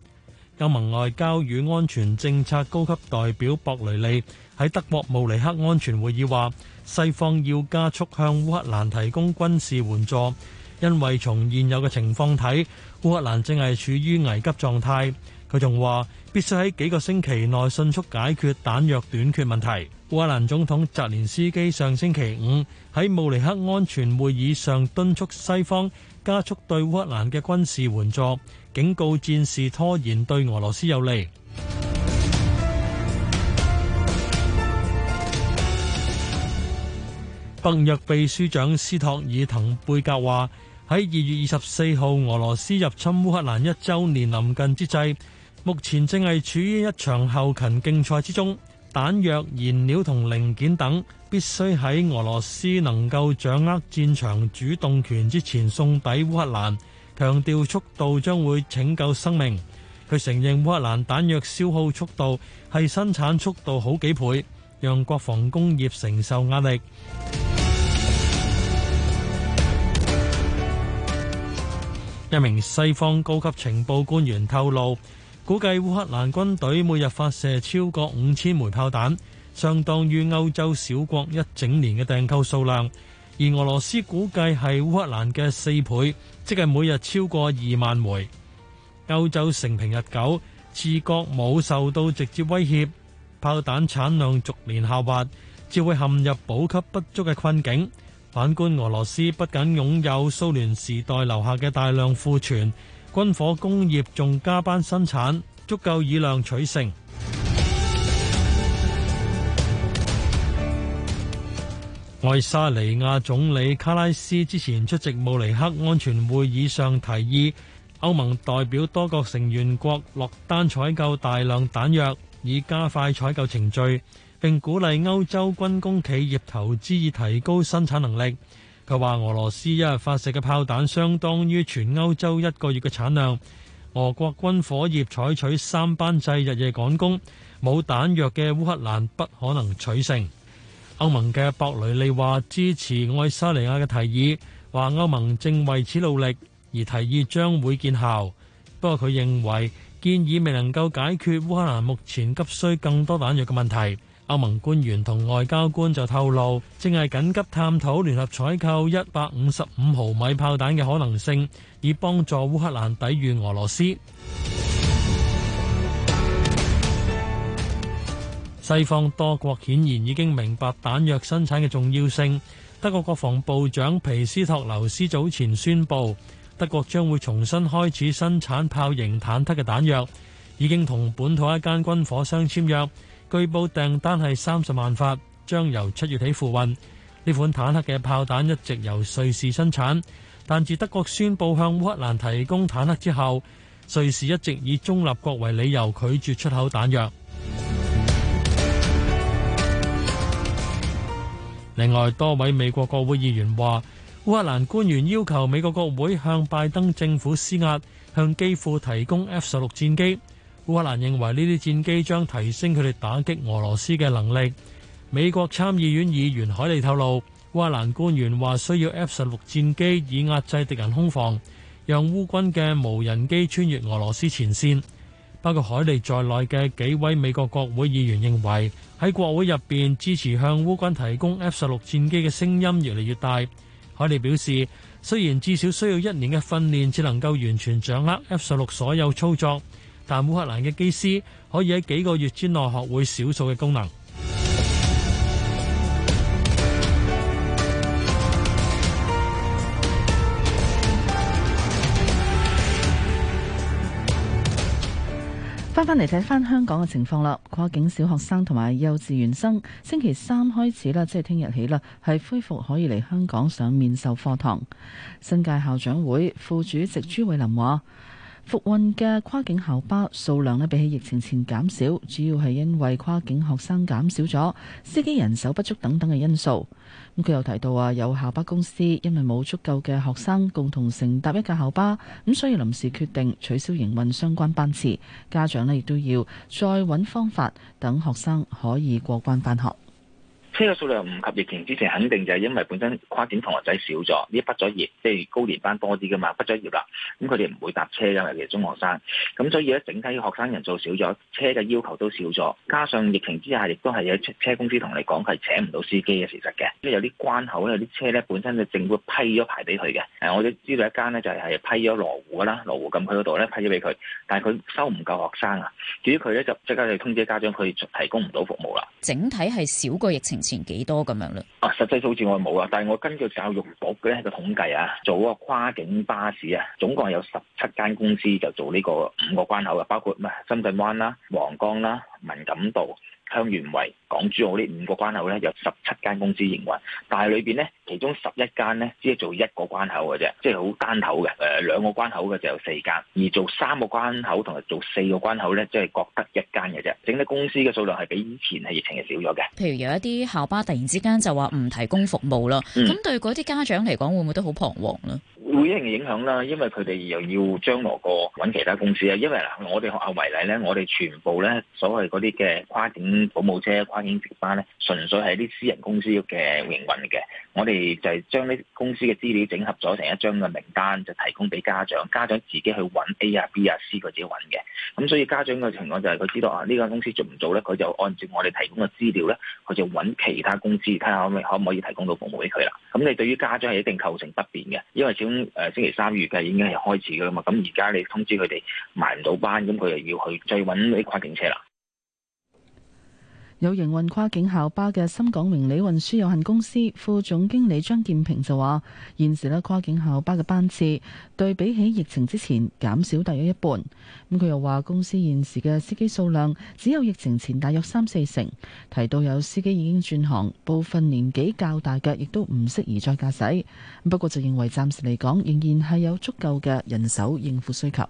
歐盟外交與安全政策高級代表博雷利喺德國慕尼黑安全會議話：西方要加速向烏克蘭提供軍事援助。因為從現有嘅情況睇，烏克蘭正係處於危急狀態。佢仲話必須喺幾個星期內迅速解決彈藥短缺問題。烏克蘭總統澤連斯基上星期五喺慕尼黑安全會議上敦促西方加速對烏克蘭嘅軍事援助，警告戰事拖延對俄羅斯有利。北約秘書長斯托爾滕貝格話。喺二月二十四號俄羅斯入侵烏克蘭一周年臨近之際，目前正係處於一場後勤競賽之中，彈藥、燃料同零件等必須喺俄羅斯能夠掌握戰場主動權之前送抵烏克蘭。強調速度將會拯救生命。佢承認烏克蘭彈藥消耗速度係生產速度好幾倍，讓國防工業承受壓力。一名西方高級情報官員透露，估計烏克蘭軍隊每日發射超過五千枚炮彈，相當於歐洲小國一整年嘅訂購數量；而俄羅斯估計係烏克蘭嘅四倍，即係每日超過二萬枚。歐洲成平日久，自覺冇受到直接威脅，炮彈產量逐年下滑，只會陷入補給不足嘅困境。反觀俄羅斯，不僅擁有蘇聯時代留下嘅大量庫存，軍火工業仲加班生產，足夠以量取勝。愛 沙尼亞總理卡拉斯之前出席慕尼黑安全會議上提議，歐盟代表多國成員國落單採購大量彈藥，以加快採購程序。並鼓勵歐洲軍工企業投資，以提高生產能力。佢話俄羅斯一日發射嘅炮彈相當於全歐洲一個月嘅產量。俄國軍火業採取三班制日夜趕工，冇彈藥嘅烏克蘭不可能取勝。歐盟嘅博雷利話支持愛沙尼亞嘅提議，話歐盟正為此努力，而提議將會見效。不過佢認為建議未能夠解決烏克蘭目前急需更多彈藥嘅問題。歐盟官員同外交官就透露，正係緊急探討聯合採購一百五十五毫米炮彈嘅可能性，以幫助烏克蘭抵御俄羅斯。西方多國顯然已經明白彈藥生產嘅重要性。德國國防部長皮斯托留斯早前宣布，德國將會重新開始生產炮型坦克嘅彈藥，已經同本土一間軍火商簽約。據報訂單係三十萬發，將由七月起付運。呢款坦克嘅炮彈一直由瑞士生產，但自德國宣布向烏克蘭提供坦克之後，瑞士一直以中立國為理由拒絕出口彈藥。另外，多位美國國會議員話，烏克蘭官員要求美國國會向拜登政府施壓，向基輔提供 F 十六戰機。烏克蘭認為呢啲戰機將提升佢哋打擊俄羅斯嘅能力。美國參議院議員海利透露，烏克蘭官員話需要 F 十六戰機以壓制敵人空防，讓烏軍嘅無人機穿越俄羅斯前線。包括海利在內嘅幾位美國國會議員認為喺國會入邊支持向烏軍提供 F 十六戰機嘅聲音越嚟越大。海利表示，雖然至少需要一年嘅訓練，至能夠完全掌握 F 十六所有操作。但烏克蘭嘅機師可以喺幾個月之內學會少數嘅功能。翻返嚟睇翻香港嘅情況啦，跨境小學生同埋幼稚園生，星期三開始啦，即係聽日起啦，係恢復可以嚟香港上面授課堂。新界校長會副主席朱偉林話。復運嘅跨境校巴數量咧，比起疫情前減少，主要係因為跨境學生減少咗、司機人手不足等等嘅因素。咁佢又提到話，有校巴公司因為冇足夠嘅學生共同乘搭一架校巴，咁所以臨時決定取消營運相關班次。家長呢亦都要再揾方法，等學生可以過關返學。車嘅數量唔及疫情之前，肯定就係因為本身跨境同學仔少咗，呢畢咗業，即係高年班多啲噶嘛，畢咗業啦，咁佢哋唔會搭車，因為佢中學生，咁所以咧整體學生人數少咗，車嘅要求都少咗，加上疫情之下，亦都係有車公司同你講佢係請唔到司機嘅事實嘅，因為有啲關口咧，有啲車咧本身就政府批咗牌俾佢嘅，誒，我都知道一間咧就係批咗羅湖啦，羅湖禁區嗰度咧批咗俾佢，但係佢收唔夠學生啊，至於佢咧就即刻去通知家長，佢提供唔到服務啦。整體係少過疫情。前幾多咁樣咧？啊，實際數字我冇啊，但係我根據教育局嘅咧個統計啊，做個跨境巴士啊，總共有十七間公司就做呢個五個關口啊，包括咩深圳灣啦、皇崗啦。文錦渡，香園圍、港珠澳呢五個關口咧，有十七間公司營運，但係裏邊咧，其中十一間咧只係做一個關口嘅啫，即係好單頭嘅。誒、呃、兩個關口嘅就有四間，而做三個關口同埋做四個關口咧，即係各得一間嘅啫。整體公司嘅數量係比以前係疫情係少咗嘅。譬如有一啲校巴突然之間就話唔提供服務啦，咁、嗯、對嗰啲家長嚟講會唔會都好彷徨啦？會一定影響啦，因為佢哋又要將來個揾其他公司啊，因為嗱，我哋學校為例咧，我哋全部咧所謂嗰啲嘅跨境保姆車、跨境值班咧，純粹係啲私人公司嘅營運嘅。我哋就係將呢公司嘅資料整合咗成一張嘅名單，就提供俾家長，家長自己去揾 A 啊 B 啊 C 佢自己揾嘅。咁所以家長嘅情況就係、是、佢知道啊呢間公司做唔做呢？佢就按照我哋提供嘅資料呢，佢就揾其他公司睇下可唔可唔可以提供到服務俾佢啦。咁你對於家長係一定構成不便嘅，因為始終誒、呃、星期三預計已經係開始噶啦嘛。咁而家你通知佢哋埋唔到班，咁佢就要去再揾啲跨境車啦。有營運跨境校巴嘅深港明理運輸有限公司副總經理張建平就話：現時呢跨境校巴嘅班次對比起疫情之前減少大約一半。咁、嗯、佢又話公司現時嘅司機數量只有疫情前大約三四成。提到有司機已經轉行，部分年紀較大嘅亦都唔適宜再駕駛。不過就認為暫時嚟講仍然係有足夠嘅人手應付需求。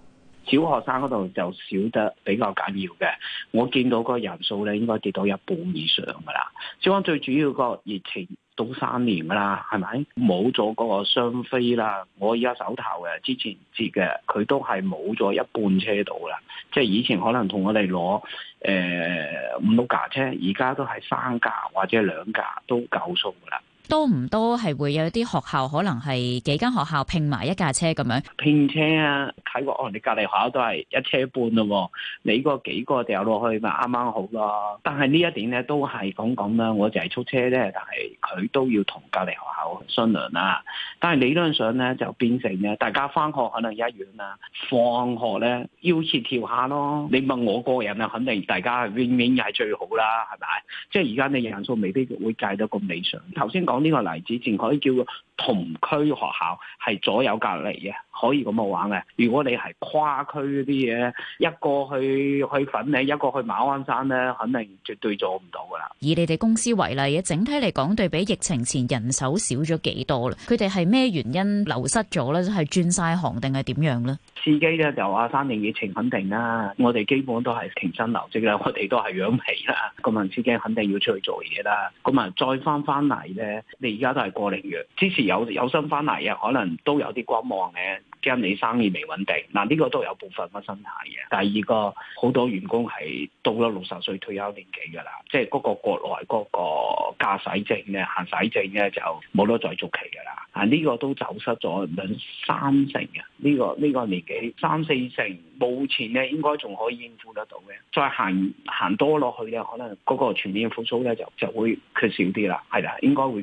小學生嗰度就少得比較緊要嘅，我見到個人數咧應該跌到一半以上噶啦。小安最主要、那個疫情到三年噶啦，係咪冇咗個雙飛啦？我而家手頭嘅之前接嘅，佢都係冇咗一半車道啦。即係以前可能同我哋攞誒五六架車，而家都係三架或者兩架都夠數噶啦。多唔多係會有一啲學校可能係幾間學校拼埋一架車咁樣拼車啊？睇過哦，你隔籬學校都係一車半咯，你個幾個掉落去咪啱啱好咯。但係呢一點咧都係講講啦，我就係出車咧，但係佢都要同隔籬學校商量啦。但係理論上咧就變成咧，大家翻學可能一樣啦，放學咧要協調下咯。你問我個人啊，肯定大家永遠係最好啦，係咪？即係而家你人數未必會計到咁理想。頭先講講呢個例子，淨可以叫同區學校係左右隔離嘅，可以咁樣玩嘅。如果你係跨區嗰啲嘢，一個去去粉嶺，一個去馬鞍山咧，肯定絕對做唔到噶啦。以你哋公司為例，整體嚟講，對比疫情前人手少咗幾多啦？佢哋係咩原因流失咗咧？即係轉晒行定係點樣咧？司機咧就話，三年疫情肯定啦，我哋基本都係停薪留職啦，我哋都係養起啦。咁啊，司機肯定要出去做嘢啦。咁啊，再翻翻嚟咧。你而家都係過零月，之前有有心翻嚟嘅，可能都有啲觀望嘅，驚你生意未穩定。嗱，呢個都有部分乜心態嘅。第二個，好多員工係到咗六十歲退休年紀㗎喇，即係嗰個國內嗰個駕駛證咧、行駛證咧，就冇得再續期㗎喇。啊，呢個都走失咗兩三成嘅。呢、這個呢、這個年紀三四成目前咧，應該仲可以應付得到嘅。再行行多落去咧，可能嗰個全面嘅復甦咧，就就會缺少啲啦，係啦，應該會。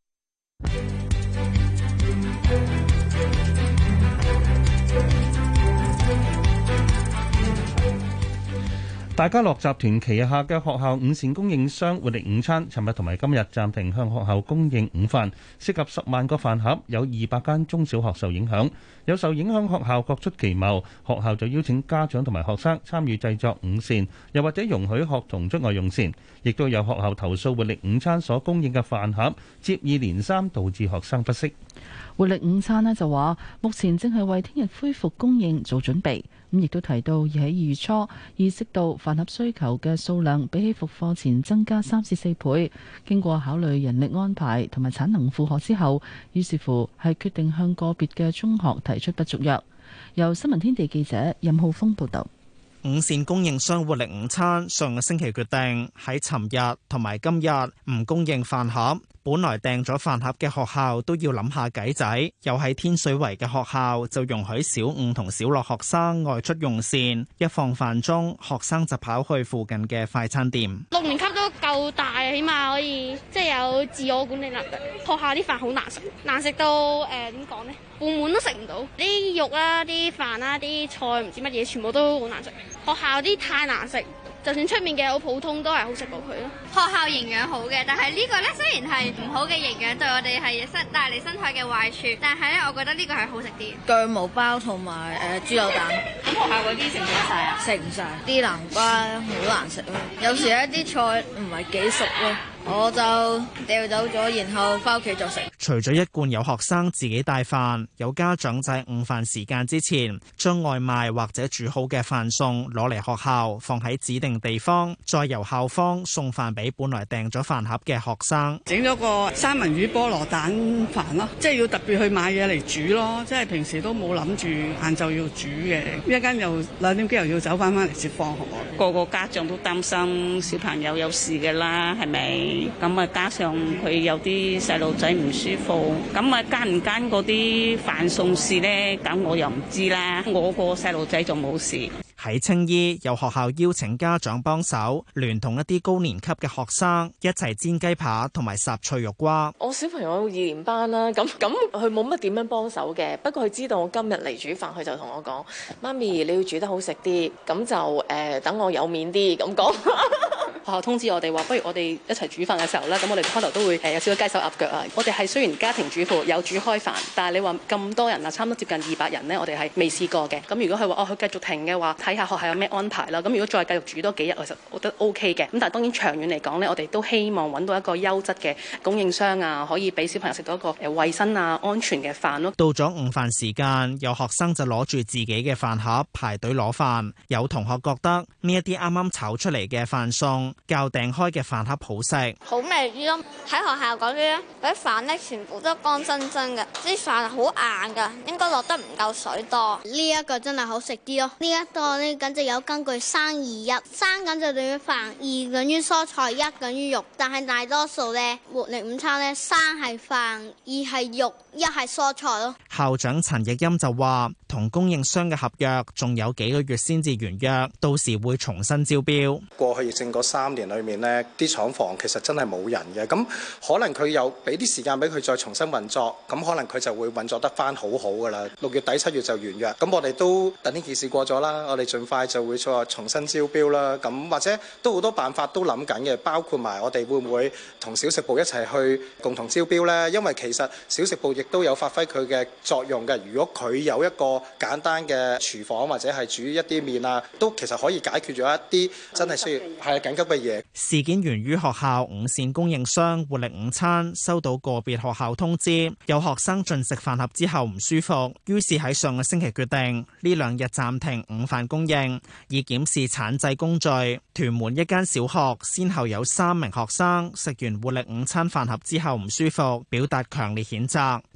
大家樂集團旗下嘅學校午膳供應商活力午餐，尋日同埋今日暫停向學校供應午飯，涉及十萬個飯盒，有二百間中小學受影響。有受影響學校各出奇謀，學校就邀請家長同埋學生參與製作午膳，又或者容許學童出外用膳。亦都有學校投訴活力午餐所供應嘅飯盒接二連三導致學生不適。活力午餐咧就話，目前正係為聽日恢復供應做準備。咁亦都提到，要喺二月初意識到飯盒需求嘅數量比起復課前增加三至四倍，經過考慮人力安排同埋產能負荷之後，於是乎係決定向個別嘅中學提出不續約。由新聞天地記者任浩峯報導。五線供應商活力午餐上個星期決定喺尋日同埋今日唔供應飯盒。本來訂咗飯盒嘅學校都要諗下計仔，又喺天水圍嘅學校就容許小五同小六學生外出用膳，一放飯鐘，學生就跑去附近嘅快餐店。六年級都夠大，起碼可以即係、就是、有自我管理能力。學校啲飯好難食，難食到誒點講呢？半、呃、碗，碗都食唔到，啲肉啦、啲飯啦、啲菜唔知乜嘢，全部都好難食。學校啲太難食。就算出面嘅好普通都係好食過佢咯。學校營養好嘅，但係呢個呢雖然係唔好嘅營養，對我哋係身帶嚟生態嘅壞處，但係呢，我覺得呢個係好食啲。醬毛包同埋誒豬柳蛋。咁學校嗰啲食唔食得曬啊？食唔曬？啲南瓜好難食咯。 有時一啲菜唔係幾熟咯。我就掉走咗，然後翻屋企再食。除咗一罐有學生自己帶飯，有家長喺午飯時間之前將外賣或者煮好嘅飯餸攞嚟學校，放喺指定地方，再由校方送飯俾本來訂咗飯盒嘅學生。整咗個三文魚菠蘿蛋飯咯，即係要特別去買嘢嚟煮咯，即係平時都冇諗住晏晝要煮嘅。呢一間又兩點幾又要走翻翻嚟接放學？個個家長都擔心小朋友有事嘅啦，係咪？咁啊，加上佢有啲細路仔唔舒服，咁啊，間唔間嗰啲飯餸事呢？咁我又唔知啦。我個細路仔就冇事。喺青衣有學校邀請家長幫手，聯同一啲高年級嘅學生一齊煎雞扒同埋烚脆肉瓜。我小朋友二年班啦，咁咁佢冇乜點樣幫手嘅，不過佢知道我今日嚟煮飯，佢就同我講：媽咪，你要煮得好食啲，咁就誒、呃、等我有面啲咁講。 學校通知我哋話：不如我哋一齊煮飯嘅時候咧，咁我哋開頭都會誒有少少雞手鴨腳啊。我哋係雖然家庭主婦有煮開飯，但係你話咁多人啊，差唔多接近二百人呢，我哋係未試過嘅。咁如果佢話哦，佢繼續停嘅話，睇下學校有咩安排啦。咁如果再繼續煮多幾日，我就覺得 OK 嘅。咁但係當然長遠嚟講呢，我哋都希望揾到一個優質嘅供應商啊，可以俾小朋友食到一個誒衞生啊、安全嘅飯咯。到咗午飯時間，有學生就攞住自己嘅飯盒排隊攞飯。有同學覺得呢一啲啱啱炒出嚟嘅飯餸。校訂開嘅飯盒好食，好味啲咯。喺學校嗰啲咧，嗰啲飯咧全部都乾身身嘅，啲飯好硬噶，應該落得唔夠水多。呢一個真係好食啲咯。呢一個呢，咁就有根據三二一，三咁就等於飯，二等於蔬菜，一等於肉。但係大多數呢，活力午餐呢，三係飯，二係肉，一係蔬菜咯。校長陳奕欽就話，同供應商嘅合約仲有幾個月先至完約，到時會重新招標。過去剩嗰三。 三年裏面呢啲廠房其實真係冇人嘅，咁、嗯、可能佢有俾啲時間俾佢再重新運作，咁、嗯、可能佢就會運作得翻好好噶啦。六月底七月就完約，咁我哋都等呢件事過咗啦，我哋盡快就會再重新招標啦。咁、嗯、或者都好多辦法都諗緊嘅，包括埋我哋會唔會同小食部一齊去共同招標咧？因為其實小食部亦都有發揮佢嘅作用嘅。如果佢有一個簡單嘅廚房或者係煮一啲麵啊，都其實可以解決咗一啲真係需要係緊急。事件源於學校午膳供應商活力午餐收到個別學校通知，有學生進食飯盒之後唔舒服，於是喺上個星期決定呢兩日暫停午飯供應，以檢視產製工序。屯門一間小學先後有三名學生食完活力午餐飯盒之後唔舒服，表達強烈譴責。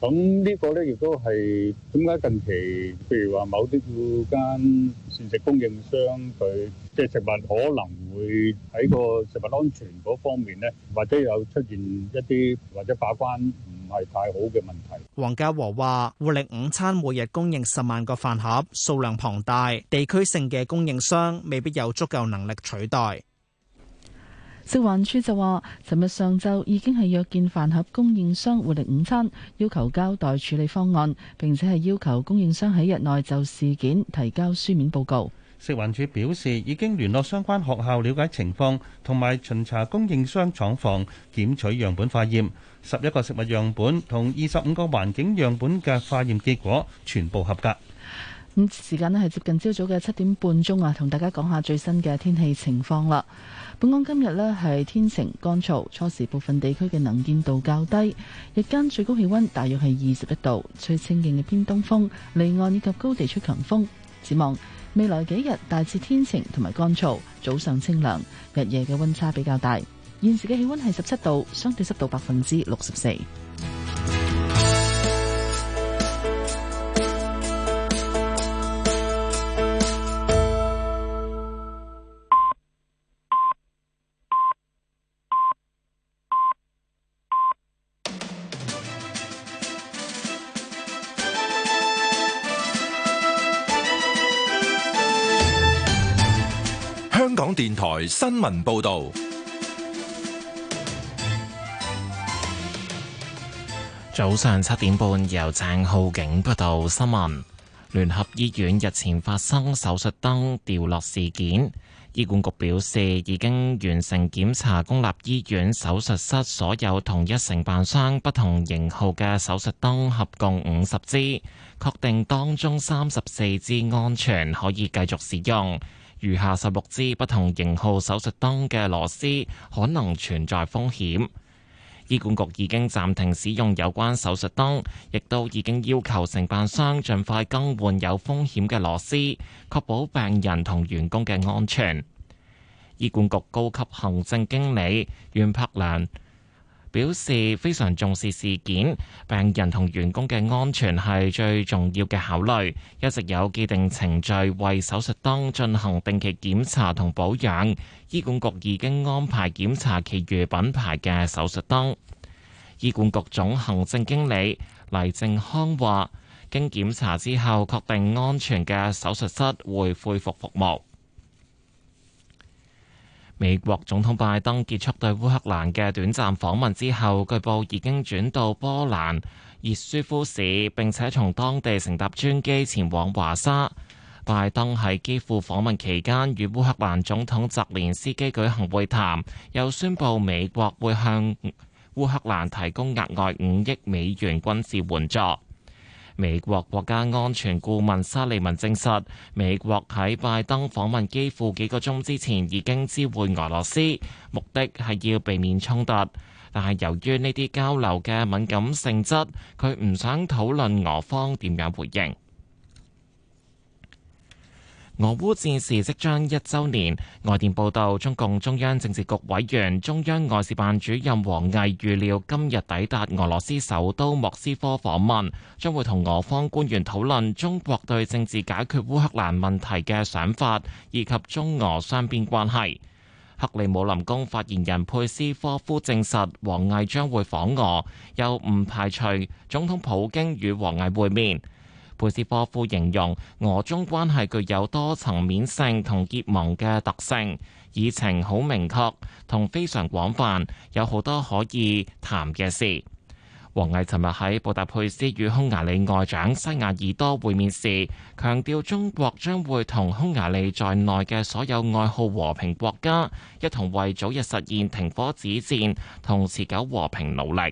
咁呢個咧，亦都係點解近期譬如話某啲間膳食供應商佢即係食物可能會喺個食物安全嗰方面咧，或者有出現一啲或者把關唔係太好嘅問題。黃家和話，活力午餐每日供應十萬個飯盒，數量龐大，地區性嘅供應商未必有足夠能力取代。食環署就話，尋日上晝已經係約見飯盒供應商活力午餐，要求交代處理方案，並且係要求供應商喺日內就事件提交書面報告。食環署表示已經聯絡相關學校了解情況，同埋巡查供應商廠房，檢取樣本化驗，十一個食物樣本同二十五個環境樣本嘅化驗結果全部合格。咁時間呢係接近朝早嘅七點半鐘啊，同大家講下最新嘅天氣情況啦。本港今日呢係天晴乾燥，初時部分地區嘅能見度較低，日間最高氣温大約係二十一度，吹清勁嘅偏東風，離岸以及高地吹強風。展望未來幾日大致天晴同埋乾燥，早上清涼，日夜嘅温差比較大。現時嘅氣温係十七度，相對濕度百分之六十四。電台新聞報道：早上七點半，由鄭浩景報道。新聞：聯合醫院日前發生手術燈掉落事件，醫管局表示已經完成檢查公立醫院手術室所有同一承辦商、不同型號嘅手術燈，合共五十支，確定當中三十四支安全，可以繼續使用。餘下十六支不同型號手術燈嘅螺絲可能存在風險，醫管局已經暫停使用有關手術燈，亦都已經要求承辦商盡快更換有風險嘅螺絲，確保病人同員工嘅安全。醫管局高級行政經理袁柏良，表示非常重視事件，病人同員工嘅安全係最重要嘅考慮，一直有既定程序為手術燈進行定期檢查同保養，醫管局已經安排檢查其餘品牌嘅手術燈，醫管局總行政經理黎正康話經檢查之後確定安全嘅手術室會恢復服務。美國總統拜登結束對烏克蘭嘅短暫訪問之後，據報已經轉到波蘭熱舒夫市，並且從當地乘搭專機前往華沙。拜登喺基輔訪問期間與烏克蘭總統澤連斯基舉行會談，又宣布美國會向烏克蘭提供額外五億美元軍事援助。美國國家安全顧問沙利文證實，美國喺拜登訪問基輔幾個鐘之前已經知會俄羅斯，目的係要避免衝突。但係由於呢啲交流嘅敏感性質，佢唔想討論俄方點樣回應。俄烏戰事即將一週年，外電報導，中共中央政治局委員、中央外事辦主任王毅預料今日抵達俄羅斯首都莫斯科訪問，將會同俄方官員討論中國對政治解決烏克蘭問題嘅想法，以及中俄雙邊關係。克里姆林宮發言人佩斯科夫證實，王毅將會訪俄，又唔排除總統普京與王毅會面。佩斯科夫形容俄中關係具有多層面性同結盟嘅特性。議程好明確同非常廣泛，有好多可以談嘅事。王毅尋日喺布達佩斯與匈牙利外長西亞爾多會面時，強調中國將會同匈牙利在內嘅所有愛好和平國家，一同為早日實現停火止戰同持久和平努力。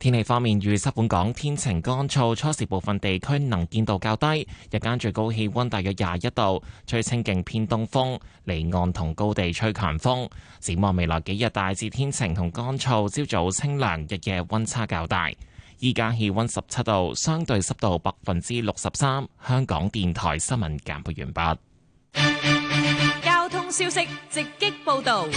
天氣方面，預測本港天晴乾燥，初時部分地區能見度較低，日間最高氣溫大約廿一度，吹清勁偏東風，離岸同高地吹強風。展望未來幾日，大致天晴同乾燥，朝早清涼，日夜溫差較大。依家氣溫十七度，相對濕度百分之六十三。香港電台新聞簡報完畢。交通消息直擊報道。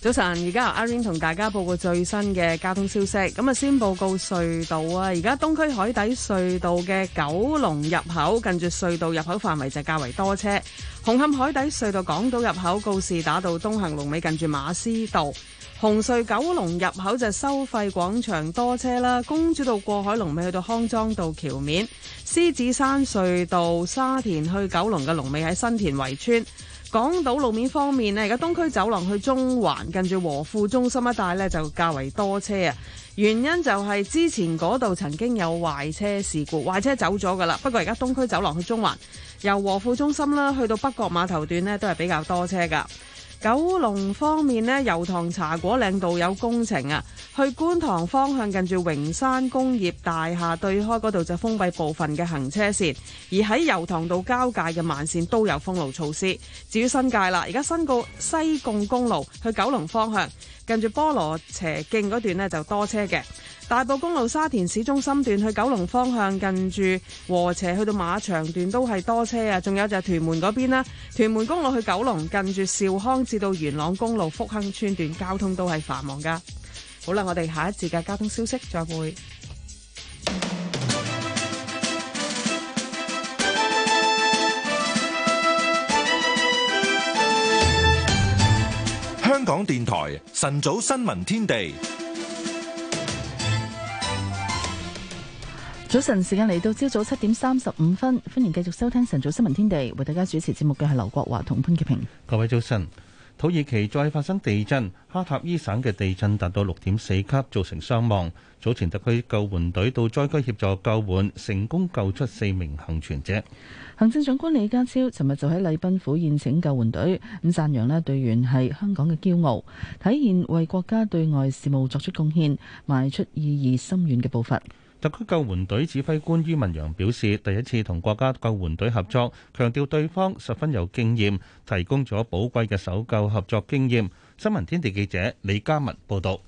早晨，而家阿 Ring 同大家報告最新嘅交通消息。咁啊，先報告隧道啊，而家東區海底隧道嘅九龍入口近住隧道入口範圍就較為多車。紅磡海底隧道港島入口告士打道東行龍尾近住馬師道。紅隧九龍入口就收費廣場多車啦。公主道過海龍尾去到康莊道橋面。獅子山隧道沙田去九龍嘅龍尾喺新田圍村。港島路面方面咧，而家東區走廊去中環，近住和富中心一帶咧就較為多車啊。原因就係之前嗰度曾經有壞車事故，壞車走咗噶啦。不過而家東區走廊去中環，由和富中心啦去到北角碼頭段呢都係比較多車噶。九龍方面咧，油塘茶果嶺道有工程啊，去觀塘方向近住榮山工業大廈對開嗰度就封閉部分嘅行車線，而喺油塘道交界嘅慢線都有封路措施。至於新界啦，而家新告西貢公路去九龍方向。近住菠蘿斜徑嗰段呢，就多車嘅，大埔公路沙田市中心段去九龍方向，近住禾輋去到馬場段都係多車啊！仲有就係屯門嗰邊啦，屯門公路去九龍，近住兆康至到元朗公路福亨村段，交通都係繁忙噶。好啦，我哋下一節嘅交通消息再會。港電台晨早新聞天地。早晨時間嚟到朝早七點三十五分，歡迎繼續收聽晨早新聞天地，為大家主持節目嘅係劉國華同潘潔平。各位早晨，土耳其再發生地震，哈塔伊省嘅地震達到六點四級，造成傷亡。早前特區救援隊到災區協助救援，成功救出四名幸存者。行政長官李家超尋日就喺禮賓府宴請救援隊，咁讚揚呢隊員係香港嘅驕傲，體現為國家對外事務作出貢獻，邁出意義深遠嘅步伐。特區救援隊指揮官於文陽表示，第一次同國家救援隊合作，強調對方十分有經驗，提供咗寶貴嘅搜救合作經驗。新聞天地記者李嘉文報道。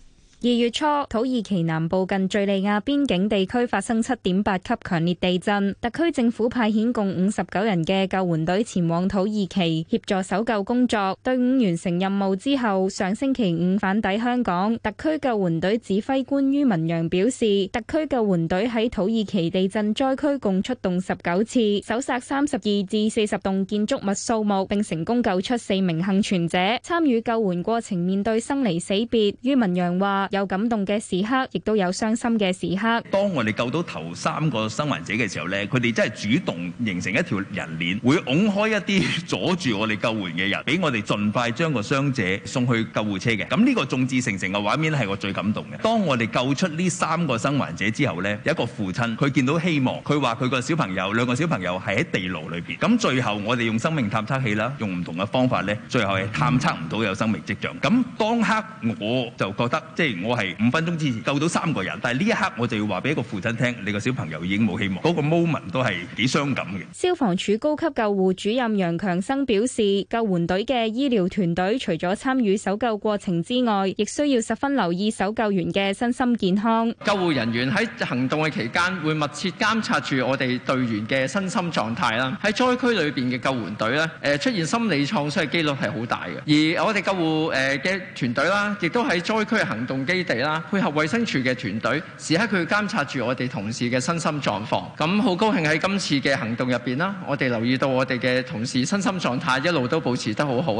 二月初，土耳其南部近敘利亞邊境地區發生七點八級強烈地震。特區政府派遣共五十九人嘅救援隊前往土耳其協助搜救工作，隊伍完成任務之後，上星期五返抵香港。特區救援隊指揮官于文陽表示，特區救援隊喺土耳其地震災區共出動十九次，搜索三十二至四十棟建築物數目，並成功救出四名幸存者。參與救援過程面對生離死別，于文陽話。有感動嘅時刻，亦都有傷心嘅時刻。當我哋救到頭三個生還者嘅時候呢，佢哋真係主動形成一條人鏈，會拱開一啲阻住我哋救援嘅人，俾我哋盡快將個傷者送去救護車嘅。咁呢個眾志成城嘅畫面咧，係我最感動嘅。當我哋救出呢三個生還者之後呢，有一個父親，佢見到希望，佢話佢個小朋友兩個小朋友係喺地牢裏邊。咁最後我哋用生命探測器啦，用唔同嘅方法呢，最後係探測唔到有生命跡象。咁當刻我就覺得即係。我係五分鐘之前救到三個人，但係呢一刻我就要話俾一個父親聽，你個小朋友已經冇希望。嗰個 moment 都係幾傷感嘅。消防處高級救護主任楊強生表示，救援隊嘅醫療團隊除咗參與搜救過程之外，亦需要十分留意搜救員嘅身心健康。救護人員喺行動嘅期間會密切監察住我哋隊員嘅身心狀態啦。喺災區裏邊嘅救援隊咧，誒出現心理創傷嘅機率係好大嘅。而我哋救護誒嘅團隊啦，亦都喺災區行動。基地啦，配合衛生署嘅團隊，時刻佢監察住我哋同事嘅身心狀況，咁好高興喺今次嘅行動入邊啦，我哋留意到我哋嘅同事身心狀態一路都保持得好好。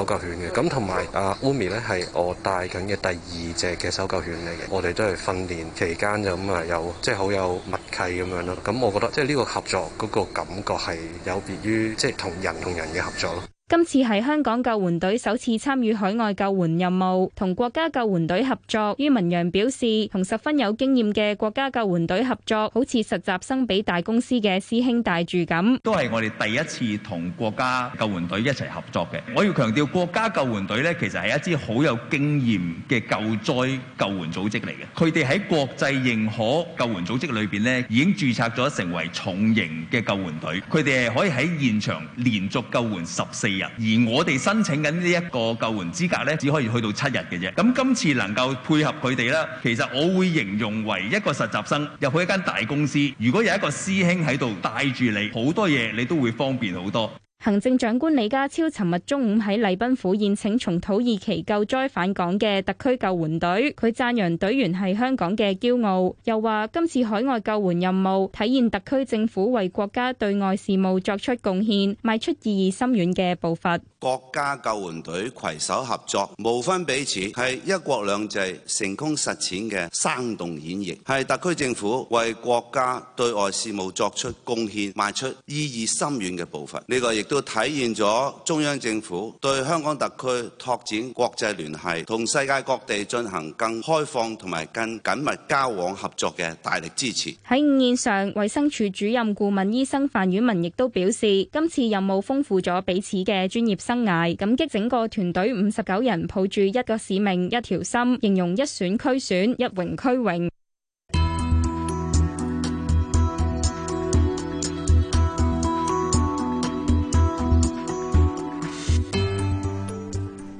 搜救犬嘅咁同埋阿 Umi 咧，係我帶緊嘅第二隻嘅搜救犬嚟嘅，我哋都係訓練期間就咁啊有即係好有默契咁樣咯。咁我覺得即係呢個合作嗰個感覺係有別於即係同人同人嘅合作咯。今次係香港救援隊首次參與海外救援任務，同國家救援隊合作。于文陽表示，同十分有經驗嘅國家救援隊合作，好似實習生俾大公司嘅師兄帶住咁。都係我哋第一次同國家救援隊一齊合作嘅。我要強調，國家救援隊咧其實係一支好有經驗嘅救災救援組織嚟嘅。佢哋喺國際認可救援組織裏邊咧，已經註冊咗成為重型嘅救援隊。佢哋係可以喺現場連續救援十四。而我哋申請緊呢一個救援資格呢，只可以去到七日嘅啫。咁今次能夠配合佢哋咧，其實我會形容為一個實習生入去一間大公司，如果有一個師兄喺度帶住你，好多嘢你都會方便好多。行政長官李家超尋日中午喺禮賓府宴請從土耳其救災返港嘅特區救援隊，佢讚揚隊員係香港嘅驕傲，又話今次海外救援任務體現特區政府為國家對外事務作出貢獻，邁出意義深遠嘅步伐。國家救援隊攜手合作，無分彼此，係一國兩制成功實踐嘅生動演繹，係特區政府為國家對外事務作出貢獻、邁出意義深遠嘅部分。呢、這個亦都體現咗中央政府對香港特區拓展國際聯繫、同世界各地進行更開放同埋更緊密交往合作嘅大力支持。喺午宴上，衛生署主任顧問醫生范宇文亦都表示，今次任務豐富咗彼此嘅專業。生涯，感激整個團隊五十九人抱住一個使命一條心，形容一選俱選，一榮俱榮。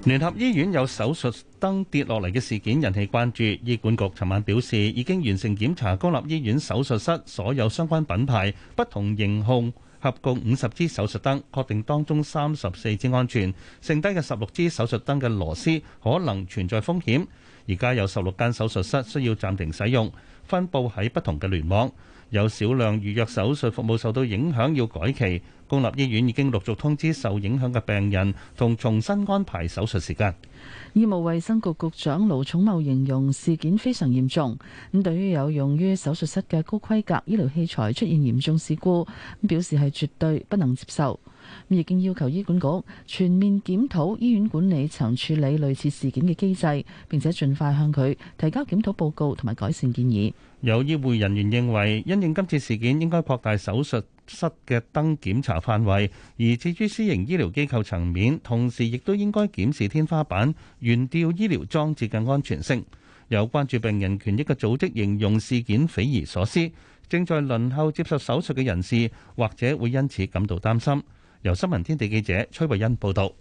聯合醫院有手術燈跌落嚟嘅事件引起關注，醫管局尋晚表示已經完成檢查公立醫院手術室所有相關品牌不同型號。合共五十支手術燈，確定當中三十四支安全，剩低嘅十六支手術燈嘅螺絲可能存在風險。而家有十六間手術室需要暫停使用，分佈喺不同嘅聯網，有少量預約手術服務受到影響，要改期。公立醫院已經陸續通知受影響嘅病人同重新安排手術時間。醫務衛生局局長盧寵茂形容事件非常嚴重，咁對於有用於手術室嘅高規格醫療器材出現嚴重事故，咁表示係絕對不能接受。亦經要求醫管局全面檢討醫院管理層處理類似事件嘅機制，並且盡快向佢提交檢討報告同埋改善建議。有醫護人員認為，因應今次事件，應該擴大手術室嘅燈檢查範圍。而至於私營醫療機構層面，同時亦都應該檢視天花板懸吊醫療裝置嘅安全性。有關注病人權益嘅組織形容事件匪夷所思，正在輪候接受手術嘅人士或者會因此感到擔心。由新聞天地記者崔慧欣報道，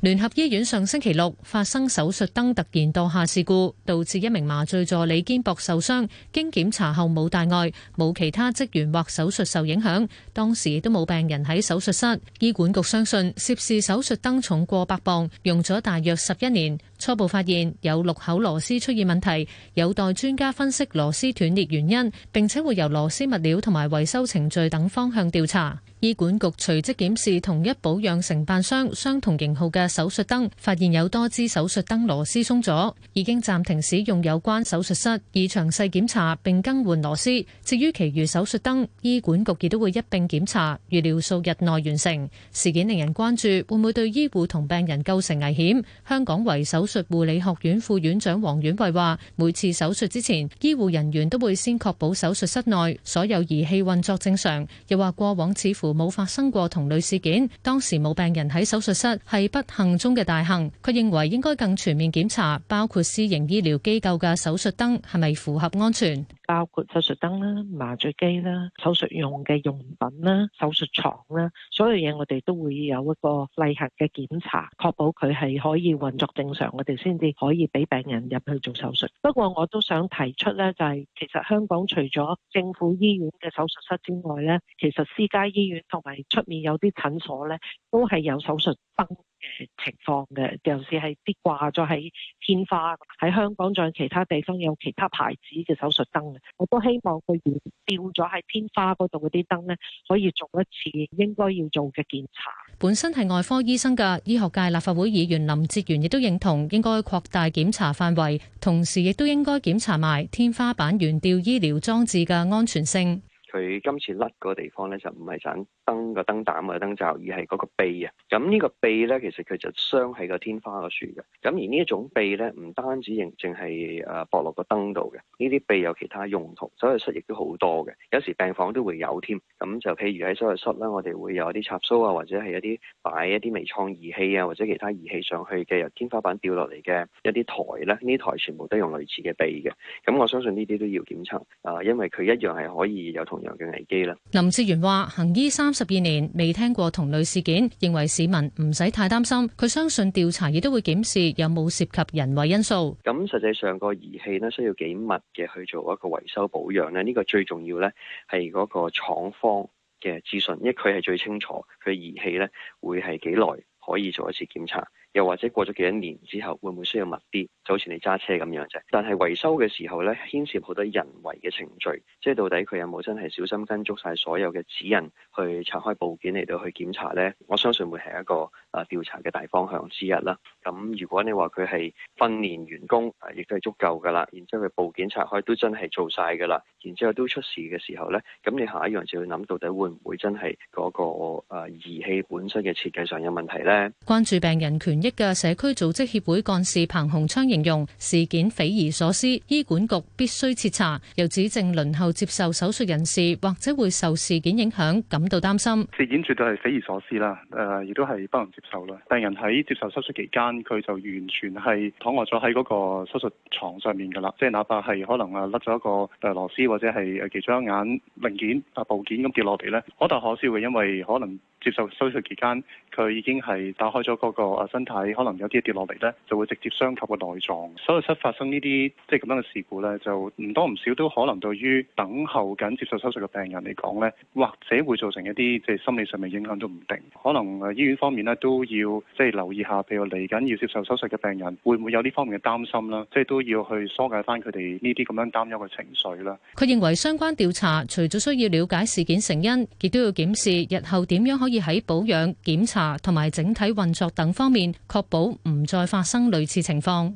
聯合醫院上星期六發生手術燈突然墮下事故，導致一名麻醉助理肩膊受傷，經檢查後冇大礙，冇其他職員或手術受影響。當時亦都冇病人喺手術室。醫管局相信涉事手術燈重過百磅，用咗大約十一年，初步發現有六口螺絲出現問題，有待專家分析螺絲斷裂原因，並且會由螺絲物料同埋維修程序等方向調查。醫管局隨即檢視同一保養承辦商相同型號嘅手術燈，發現有多支手術燈螺絲鬆咗，已經暫停使用有關手術室，以詳細檢查並更換螺絲。至於其餘手術燈，醫管局亦都會一併檢查，預料數日內完成。事件令人關注，會唔會對醫護同病人構成危險？香港維手術護理學院副院長黃婉慧話：每次手術之前，醫護人員都會先確保手術室內所有儀器運作正常。又話過往似乎。冇發生過同類事件，當時冇病人喺手術室，係不幸中嘅大幸。佢認為應該更全面檢查，包括私營醫療機構嘅手術燈係咪符合安全。包括手術燈啦、麻醉機啦、手術用嘅用品啦、手術床啦，所有嘢我哋都會有一個例行嘅檢查，確保佢係可以運作正常，我哋先至可以俾病人入去做手術。不過我都想提出咧、就是，就係其實香港除咗政府醫院嘅手術室之外咧，其實私家醫院同埋出面有啲診所咧，都係有手術燈。嘅情況嘅，尤其是係啲掛咗喺天花喺香港，仲有其他地方有其他牌子嘅手術燈嘅，我都希望佢懸吊咗喺天花嗰度嗰啲燈呢可以做一次應該要做嘅檢查。本身係外科醫生嘅醫學界立法會議員林哲玄亦都認同，應該擴大檢查範圍，同時亦都應該檢查埋天花板懸吊醫療裝置嘅安全性。佢今次甩個地方咧，就唔係盞燈個燈膽個燈罩，而係嗰個臂啊。咁呢個臂咧，其實佢就傷喺個天花個處嘅。咁而呢一種臂咧，唔單止淨係係誒駁落個燈度嘅，呢啲臂有其他用途，手術室亦都好多嘅。有時病房都會有添。咁就譬如喺手術室咧，我哋會有一啲插蘇啊，或者係一啲擺一啲微創儀器啊，或者其他儀器上去嘅，由天花板掉落嚟嘅一啲台咧，呢台全部都用類似嘅臂嘅。咁我相信呢啲都要檢測啊，因為佢一樣係可以有同。嘅危機啦。林志源話：行醫三十二年，未聽過同類事件，認為市民唔使太擔心。佢相信調查亦都會檢視有冇涉及人為因素。咁、嗯、實際上個儀器咧，需要幾密嘅去做一個維修保養咧，呢、這個最重要咧係嗰個廠方嘅資訊，因為佢係最清楚佢儀器咧會係幾耐可以做一次檢查。又或者過咗幾多年之後，會唔會需要密啲？就好似你揸車咁樣啫。但係維修嘅時候呢，牽涉好多人為嘅程序，即係到底佢有冇真係小心跟足晒所有嘅指引去拆開部件嚟到去檢查呢？我相信會係一個啊調查嘅大方向之一啦。咁如果你話佢係訓練員工啊，亦都係足夠㗎啦。然之後佢部件拆開都真係做晒㗎啦。然之後都出事嘅時候呢，咁你下一樣就要諗到底會唔會真係嗰個啊儀器本身嘅設計上有問題呢？關注病人權嘅社區組織協會幹事彭鴻昌形容事件匪夷所思，醫管局必須徹查。又指正輪候接受手術人士或者會受事件影響，感到擔心。事件絕對係匪夷所思啦，誒、呃，亦都係不能接受啦。病人喺接受手術期間，佢就完全係躺卧咗喺嗰個手術床上面噶啦，即係哪怕係可能啊甩咗一個螺絲或者係其中一眼零件啊部件咁跌落嚟咧，好大可笑嘅，因為可能。接受手術期間，佢已經係打開咗嗰個身體，可能有啲跌落嚟咧，就會直接傷及個內臟。手術室發生呢啲即係咁樣嘅事故咧，就唔多唔少都可能對於等候緊接受手術嘅病人嚟講咧，或者會造成一啲即係心理上面影響都唔定。可能醫院方面咧都要即係留意下，譬如嚟緊要接受手術嘅病人會唔會有呢方面嘅擔心啦，即係都要去疏解翻佢哋呢啲咁樣擔憂嘅情緒啦。佢認為相關調查除咗需要了解事件成因，亦都要檢視日後點樣可以。喺保養、檢查同埋整體運作等方面，確保唔再發生類似情況。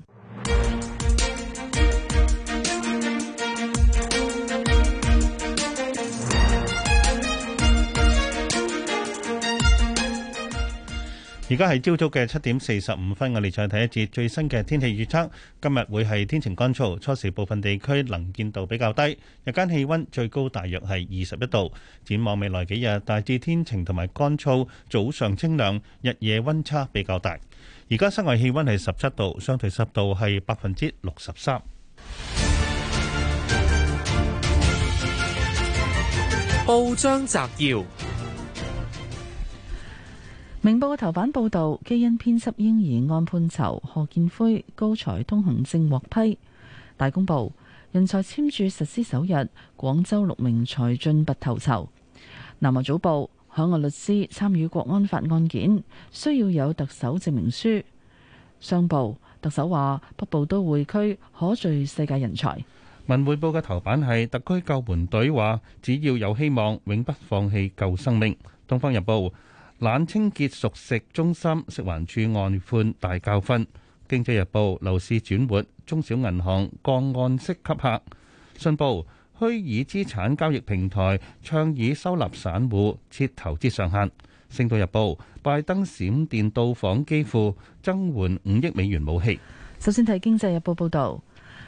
而家係朝早嘅七點四十五分，我哋再睇一節最新嘅天氣預測。今日會係天晴乾燥，初時部分地區能見度比較低。日間氣溫最高大約係二十一度。展望未來幾日，大致天晴同埋乾燥，早上清涼，日夜溫差比較大。而家室外氣溫係十七度，相對濕度係百分之六十三。報章摘要。明報嘅頭版報道，基因編輯嬰兒案判囚，何建輝高才通行證獲批。大公報人才簽注實施首日，廣州六名才俊拔頭籌。南華早報，海外律師參與國安法案件，需要有特首證明書。商報特首話北部都會區可聚世界人才。文匯報嘅頭版係特區救援隊話，只要有希望，永不放棄救生命。東方日報。懶清潔熟食中心，食環署案判大教訓。經濟日報樓市轉活，中小銀行降按息吸客。信報虛擬資產交易平台倡議收納散戶，設投資上限。星島日報拜登閃電到訪基輔，增援五億美元武器。首先睇經濟日報報道。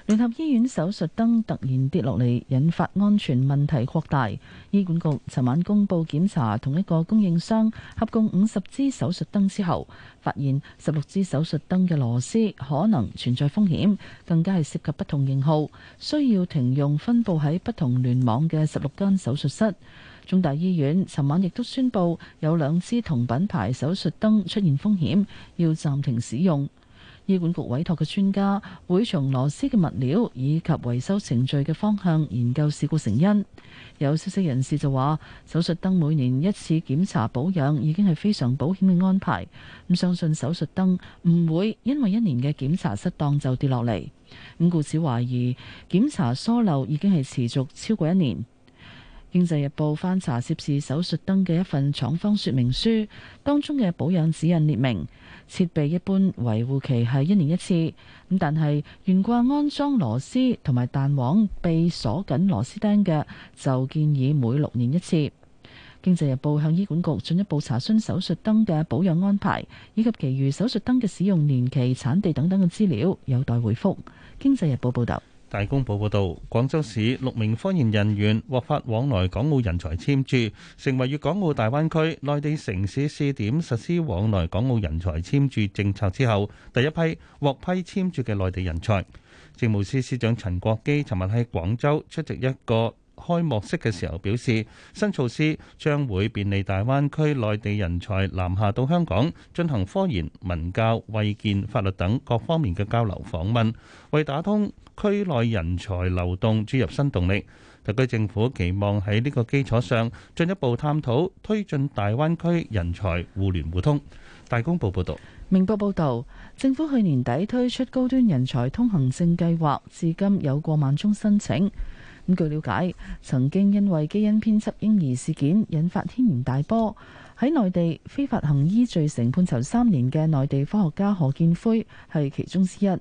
聯合醫院手術燈突然跌落嚟，引發安全問題擴大。醫管局尋晚公布檢查同一個供應商合共五十支手術燈之後，發現十六支手術燈嘅螺絲可能存在風險，更加係涉及不同型號，需要停用分布喺不同聯網嘅十六間手術室。中大醫院尋晚亦都宣布有兩支同品牌手術燈出現風險，要暫停使用。醫管局委託嘅專家會從螺絲嘅物料以及維修程序嘅方向研究事故成因。有消息人士就話，手術燈每年一次檢查保養已經係非常保險嘅安排。咁相信手術燈唔會因為一年嘅檢查失當就跌落嚟。咁故此懷疑檢查疏漏已經係持續超過一年。經濟日報翻查涉事手術燈嘅一份廠方說明書，當中嘅保養指引列明。設備一般維護期係一年一次，咁但係懸掛安裝螺絲同埋彈簧被鎖緊螺絲釘嘅，就建議每六年一次。經濟日報向醫管局進一步查詢手術燈嘅保養安排，以及其餘手術燈嘅使用年期、產地等等嘅資料，有待回覆。經濟日報報道。大公報報導，廣州市六名科研人員獲發往來港澳人才簽注，成為粵港澳大灣區內地城市試點實施往來港澳人才簽注政策之後，第一批獲批簽注嘅內地人才。政務司司長陳國基尋日喺廣州出席一個開幕式嘅時候表示，新措施將會便利大灣區內地人才南下到香港進行科研、文教、衞健、法律等各方面嘅交流訪問，為打通區內人才流動注入新動力。特區政府期望喺呢個基礎上進一步探討推進大灣區人才互聯互通。大公報報道，明報報道，政府去年底推出高端人才通行證計劃，至今有過萬宗申請。咁據了解，曾經因為基因編輯嬰兒事件引發軒然大波，喺內地非法行醫罪成判囚三年嘅內地科學家何建輝係其中之一。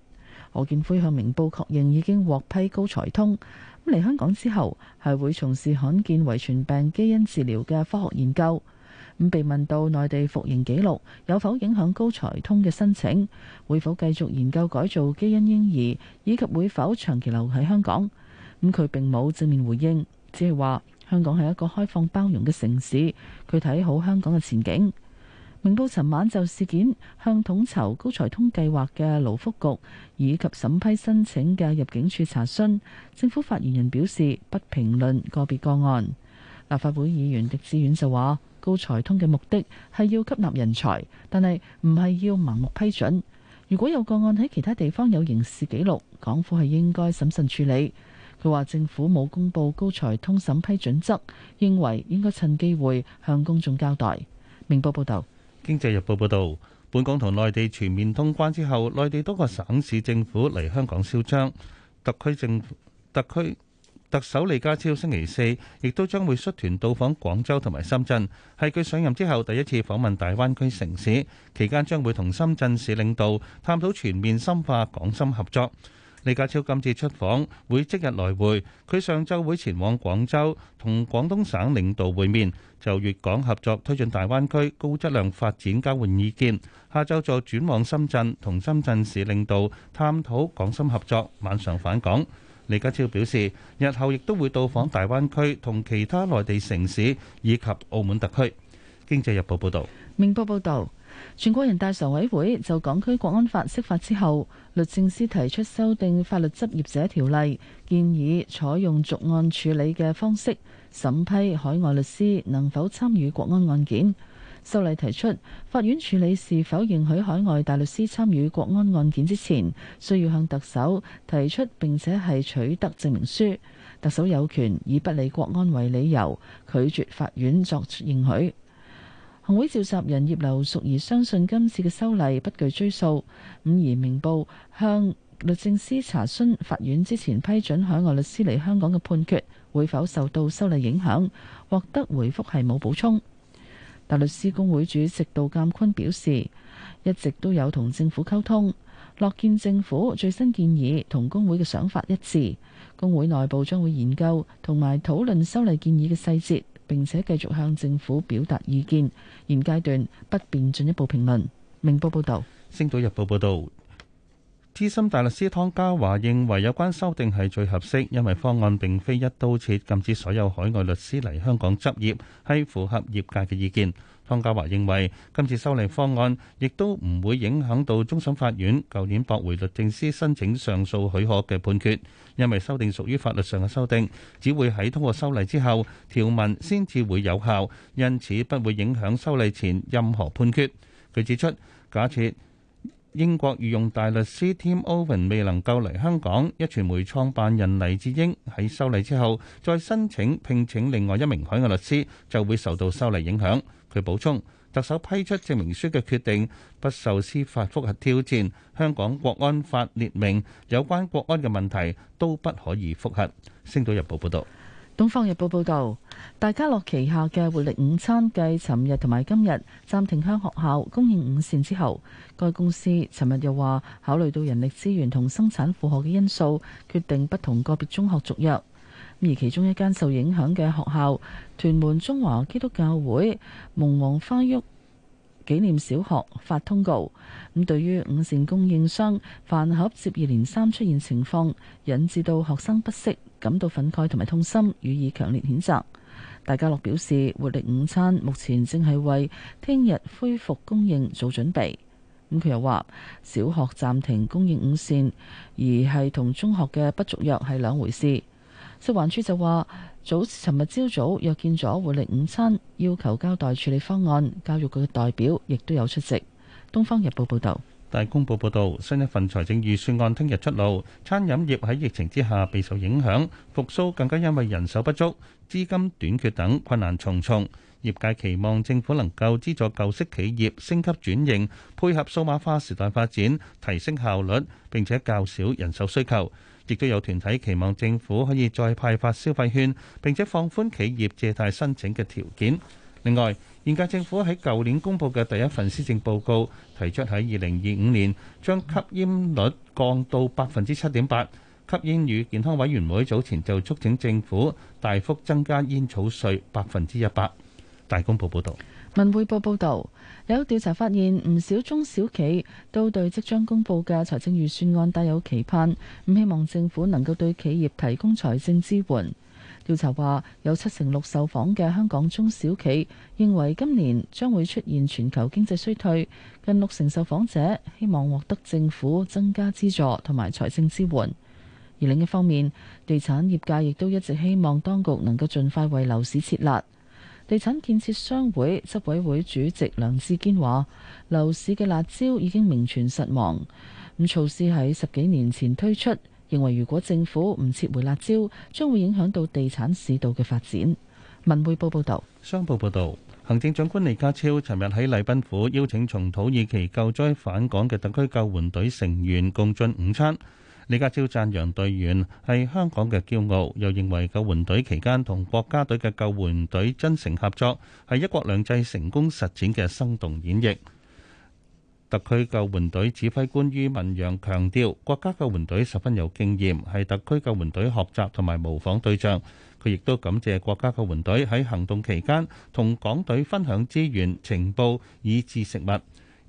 何建輝向明報確認已經獲批高才通，咁嚟香港之後係會從事罕見遺傳病基因治療嘅科學研究。咁被問到內地服刑記錄有否影響高才通嘅申請，會否繼續研究改造基因嬰兒，以及會否長期留喺香港，咁佢並冇正面回應，只係話香港係一個開放包容嘅城市，佢睇好香港嘅前景。明報尋晚就事件向統籌高才通計劃嘅勞福局以及審批申請嘅入境處查詢，政府發言人表示不評論個別個案。立法會議員狄志遠就話：高才通嘅目的係要吸納人才，但係唔係要盲目批准。如果有個案喺其他地方有刑事記錄，港府係應該審慎處理。佢話政府冇公布高才通審批準則，認為應該趁機會向公眾交代。明報報道，《經濟日報》報道，本港同內地全面通關之後，內地多個省市政府嚟香港銷章。特區政特區特首李家超星期四亦都將會率團到訪廣州同埋深圳，係佢上任之後第一次訪問大灣區城市。期間將會同深圳市領導探討全面深化港深合作。李家超今次出訪會即日來回，佢上週會前往廣州同廣東省領導會面，就粵港合作推進大灣區高質量發展交換意見，下週再轉往深圳，同深圳市領導探討港深合作。晚上返港。李家超表示，日後亦都會到訪大灣區同其他內地城市以及澳門特區。經濟日報報道，明報報導。全國人大常委會就港區國安法釋法之後，律政司提出修訂《法律執業者條例》，建議採用逐案處理嘅方式審批海外律師能否參與國安案件。修例提出，法院處理是否認許海外大律師參與國安案件之前，需要向特首提出並且係取得證明書。特首有權以不利國安為理由，拒絕法院作出認許。工會召集人葉劉淑儀相信今次嘅修例不具追溯。五而明報向律政司查詢法院之前批准海外律師嚟香港嘅判決會否受到修例影響，獲得回復係冇補充。大律師公會主席杜鑒坤表示，一直都有同政府溝通，樂見政府最新建議同工會嘅想法一致，工會內部將會研究同埋討論修例建議嘅細節。並且繼續向政府表達意見，現階段不便進一步評論。明報報導，《星島日報》報導，資深大律師湯家驊認為有關修訂係最合適，因為方案並非一刀切禁止所有海外律師嚟香港執業，係符合業界嘅意見。湯家驊認為，今次修例方案亦都唔會影響到終審法院舊年駁回律政司申請上訴許可嘅判決，因為修訂屬於法律上嘅修訂，只會喺通過修例之後，條文先至會有效，因此不會影響修例前任何判決。佢指出，假設英國御用大律師 Tim Owen 未能夠嚟香港，一傳媒創辦人黎智英喺修例之後再申請聘請另外一名海外律師，就會受到修例影響。佢補充，特首批出證明書嘅決定不受司法覆核挑戰。香港國安法列明有關國安嘅問題都不可以覆核。星島日報報道。東方日報報道，大家樂旗下嘅活力午餐繼尋日同埋今日暫停向學校供應午膳之後，該公司尋日又話考慮到人力資源同生產負荷嘅因素，決定不同個別中學續約。而其中一間受影響嘅學校，屯門中華基督教會蒙黃花沃紀念小學發通告，咁對於午膳供應商飯盒接二連三出現情況，引致到學生不適，感到憤慨同埋痛心，予以強烈譴責。大家樂表示，活力午餐目前正係為聽日恢復供應做準備。咁佢又話，小學暫停供應午膳，而係同中學嘅不續約係兩回事。食環署就話，早尋日朝早約見咗活力午餐，要求交代處理方案。教育局嘅代表亦都有出席。《東方日報》報道，《大公報》報道，新一份財政預算案聽日出爐。餐飲業喺疫情之下，備受影響，復蘇更加因為人手不足、資金短缺等困難重重。業界期望政府能夠資助舊式企業升級轉型，配合數碼化時代發展，提升效率，並且較少人手需求。亦都有團體期望政府可以再派發消費券，並且放寬企業借貸申請嘅條件。另外，現屆政府喺舊年公布嘅第一份施政報告，提出喺二零二五年將吸煙率降到百分之七點八。吸煙與健康委員會早前就促請政府大幅增加煙草稅百分之一百。大公報報道，文滙報報道，有調查發現，唔少中小企都對即將公布嘅財政預算案帶有期盼，唔希望政府能夠對企業提供財政支援。調查話，有七成六受訪嘅香港中小企認為今年將會出現全球經濟衰退，近六成受訪者希望獲得政府增加資助同埋財政支援。而另一方面，地產業界亦都一直希望當局能夠盡快為樓市設立。地產建設商會執委會主席梁志堅話：樓市嘅辣椒已經名存實亡，咁措施喺十幾年前推出，認為如果政府唔撤回辣椒，將會影響到地產市道嘅發展。文匯報報道，商報報道，行政長官李家超尋日喺禮賓府邀請從土耳其救災返港嘅特區救援隊成員共進午餐。李家超讚揚隊員係香港嘅驕傲，又認為救援隊期間同國家隊嘅救援隊真誠合作係一國兩制成功實踐嘅生動演繹。特區救援隊指揮官于文洋強調，國家救援隊十分有經驗，係特區救援隊學習同埋模仿對象。佢亦都感謝國家救援隊喺行動期間同港隊分享資源、情報以至食物。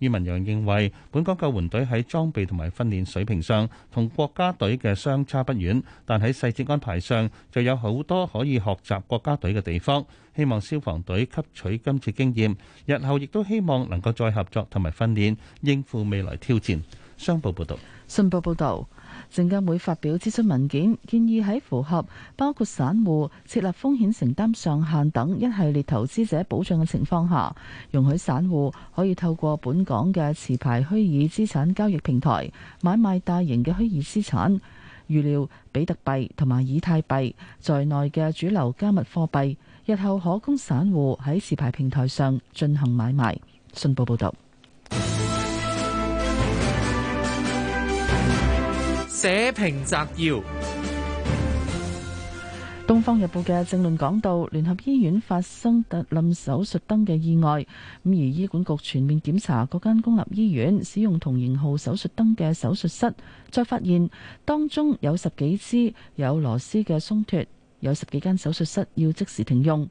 余文陽認為，本港救援隊喺裝備同埋訓練水平上同國家隊嘅相差不遠，但喺細節安排上就有好多可以學習國家隊嘅地方。希望消防隊吸取今次經驗，日後亦都希望能夠再合作同埋訓練，應付未來挑戰。商報報道，信報報道。證監會發表諮詢文件，建議喺符合包括散戶設立風險承擔上限等一系列投資者保障嘅情況下，容許散戶可以透過本港嘅持牌虛擬資產交易平台買賣大型嘅虛擬資產，預料比特幣同埋以太幣在內嘅主流加密貨幣日後可供散戶喺持牌平台上進行買賣，信報報道。社評摘要：東方日報嘅政論講到，聯合醫院發生特冧手術燈嘅意外，咁而醫管局全面檢查嗰間公立醫院使用同型號手術燈嘅手術室，再發現當中有十幾支有螺絲嘅鬆脫，有十幾間手術室要即時停用。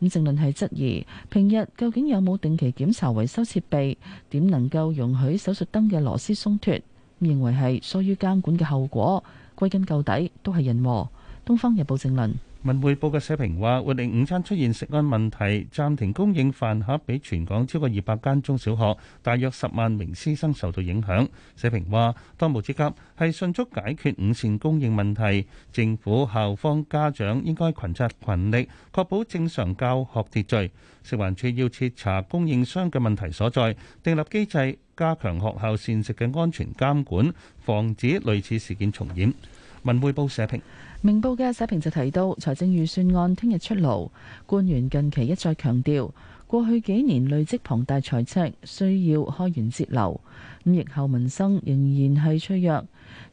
咁政論係質疑，平日究竟有冇定期檢查維修設備？點能夠容許手術燈嘅螺絲鬆脫？認為係疏於監管嘅後果，歸根究底都係人禍。東方日報正論。文匯報嘅社評話，活力午餐出現食安問題，暫停供應飯盒俾全港超過二百間中小學，大約十萬名師生受到影響。社評話，當務之急係迅速解決午膳供應問題，政府、校方、家長應該群策群力，確保正常教學秩序。食環署要徹查供應商嘅問題所在，訂立機制，加強學校膳食嘅安全監管，防止類似事件重演。文匯報社評。明報嘅社評就提到，財政預算案聽日出爐，官員近期一再強調，過去幾年累積龐大財赤，需要開源節流。咁疫後民生仍然係脆弱。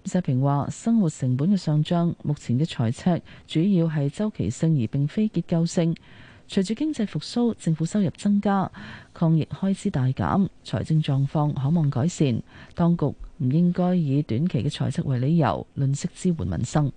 社評話，生活成本嘅上漲，目前嘅財赤主要係周期性而並非結構性。隨住經濟復甦，政府收入增加，抗疫開支大減，財政狀況可望改善。當局唔應該以短期嘅財赤為理由，吝惜支援民生。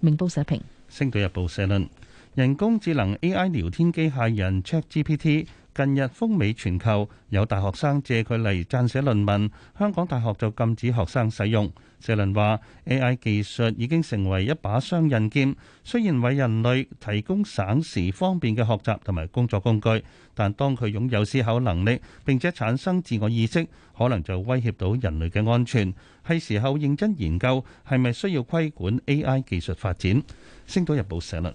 明報社評。《星島日報》社論：人工智能 AI 聊天機械人 ChatGPT 近日風靡全球，有大學生借佢嚟撰寫論文，香港大學就禁止學生使用。社論話：A.I. 技術已經成為一把雙刃劍，雖然為人類提供省時方便嘅學習同埋工作工具，但當佢擁有思考能力，並且產生自我意識，可能就威脅到人類嘅安全。係時候認真研究係咪需要規管 A.I. 技術發展？星島日報社論。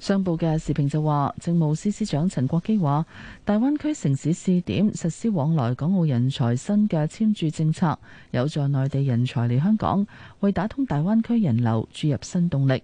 商報嘅視頻就話，政務司司長陳國基話，大灣區城市試點實施往來港澳人才新嘅簽注政策，有助內地人才嚟香港，為打通大灣區人流注入新動力。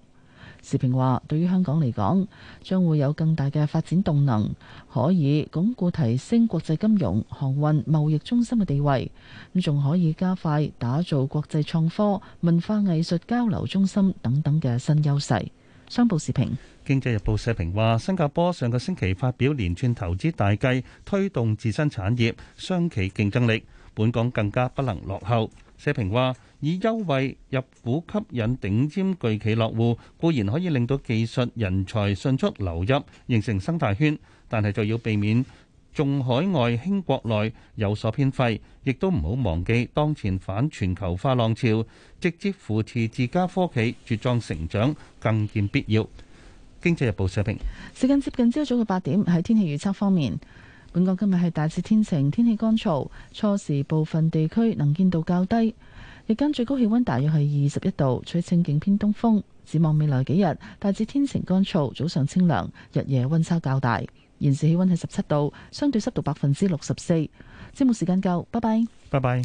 視頻話，對於香港嚟講，將會有更大嘅發展動能，可以鞏固提升國際金融、航運、貿易中心嘅地位，咁仲可以加快打造國際創科、文化藝術交流中心等等嘅新優勢。商報視頻。《經濟日報》社評話：新加坡上個星期發表連串投資大計，推動自身產業雙企競爭力。本港更加不能落後。社評話：以優惠入股吸引頂尖巨企落戶，固然可以令到技術人才迅速流入，形成生態圈。但係就要避免重海外輕國內有所偏廢，亦都唔好忘記當前反全球化浪潮，直接扶持自家科企茁壯成長更見必要。經濟日報社評：時間接近朝早嘅八點，喺天氣預測方面，本港今日係大致天晴，天氣乾燥，初時部分地區能見度較低，日間最高氣溫大約係二十一度，吹清勁偏東風。展望未來幾日，大致天晴，乾燥，早上清涼，日夜溫差較大。現時氣溫係十七度，相對濕度百分之六十四。節目時間夠，拜拜，拜拜。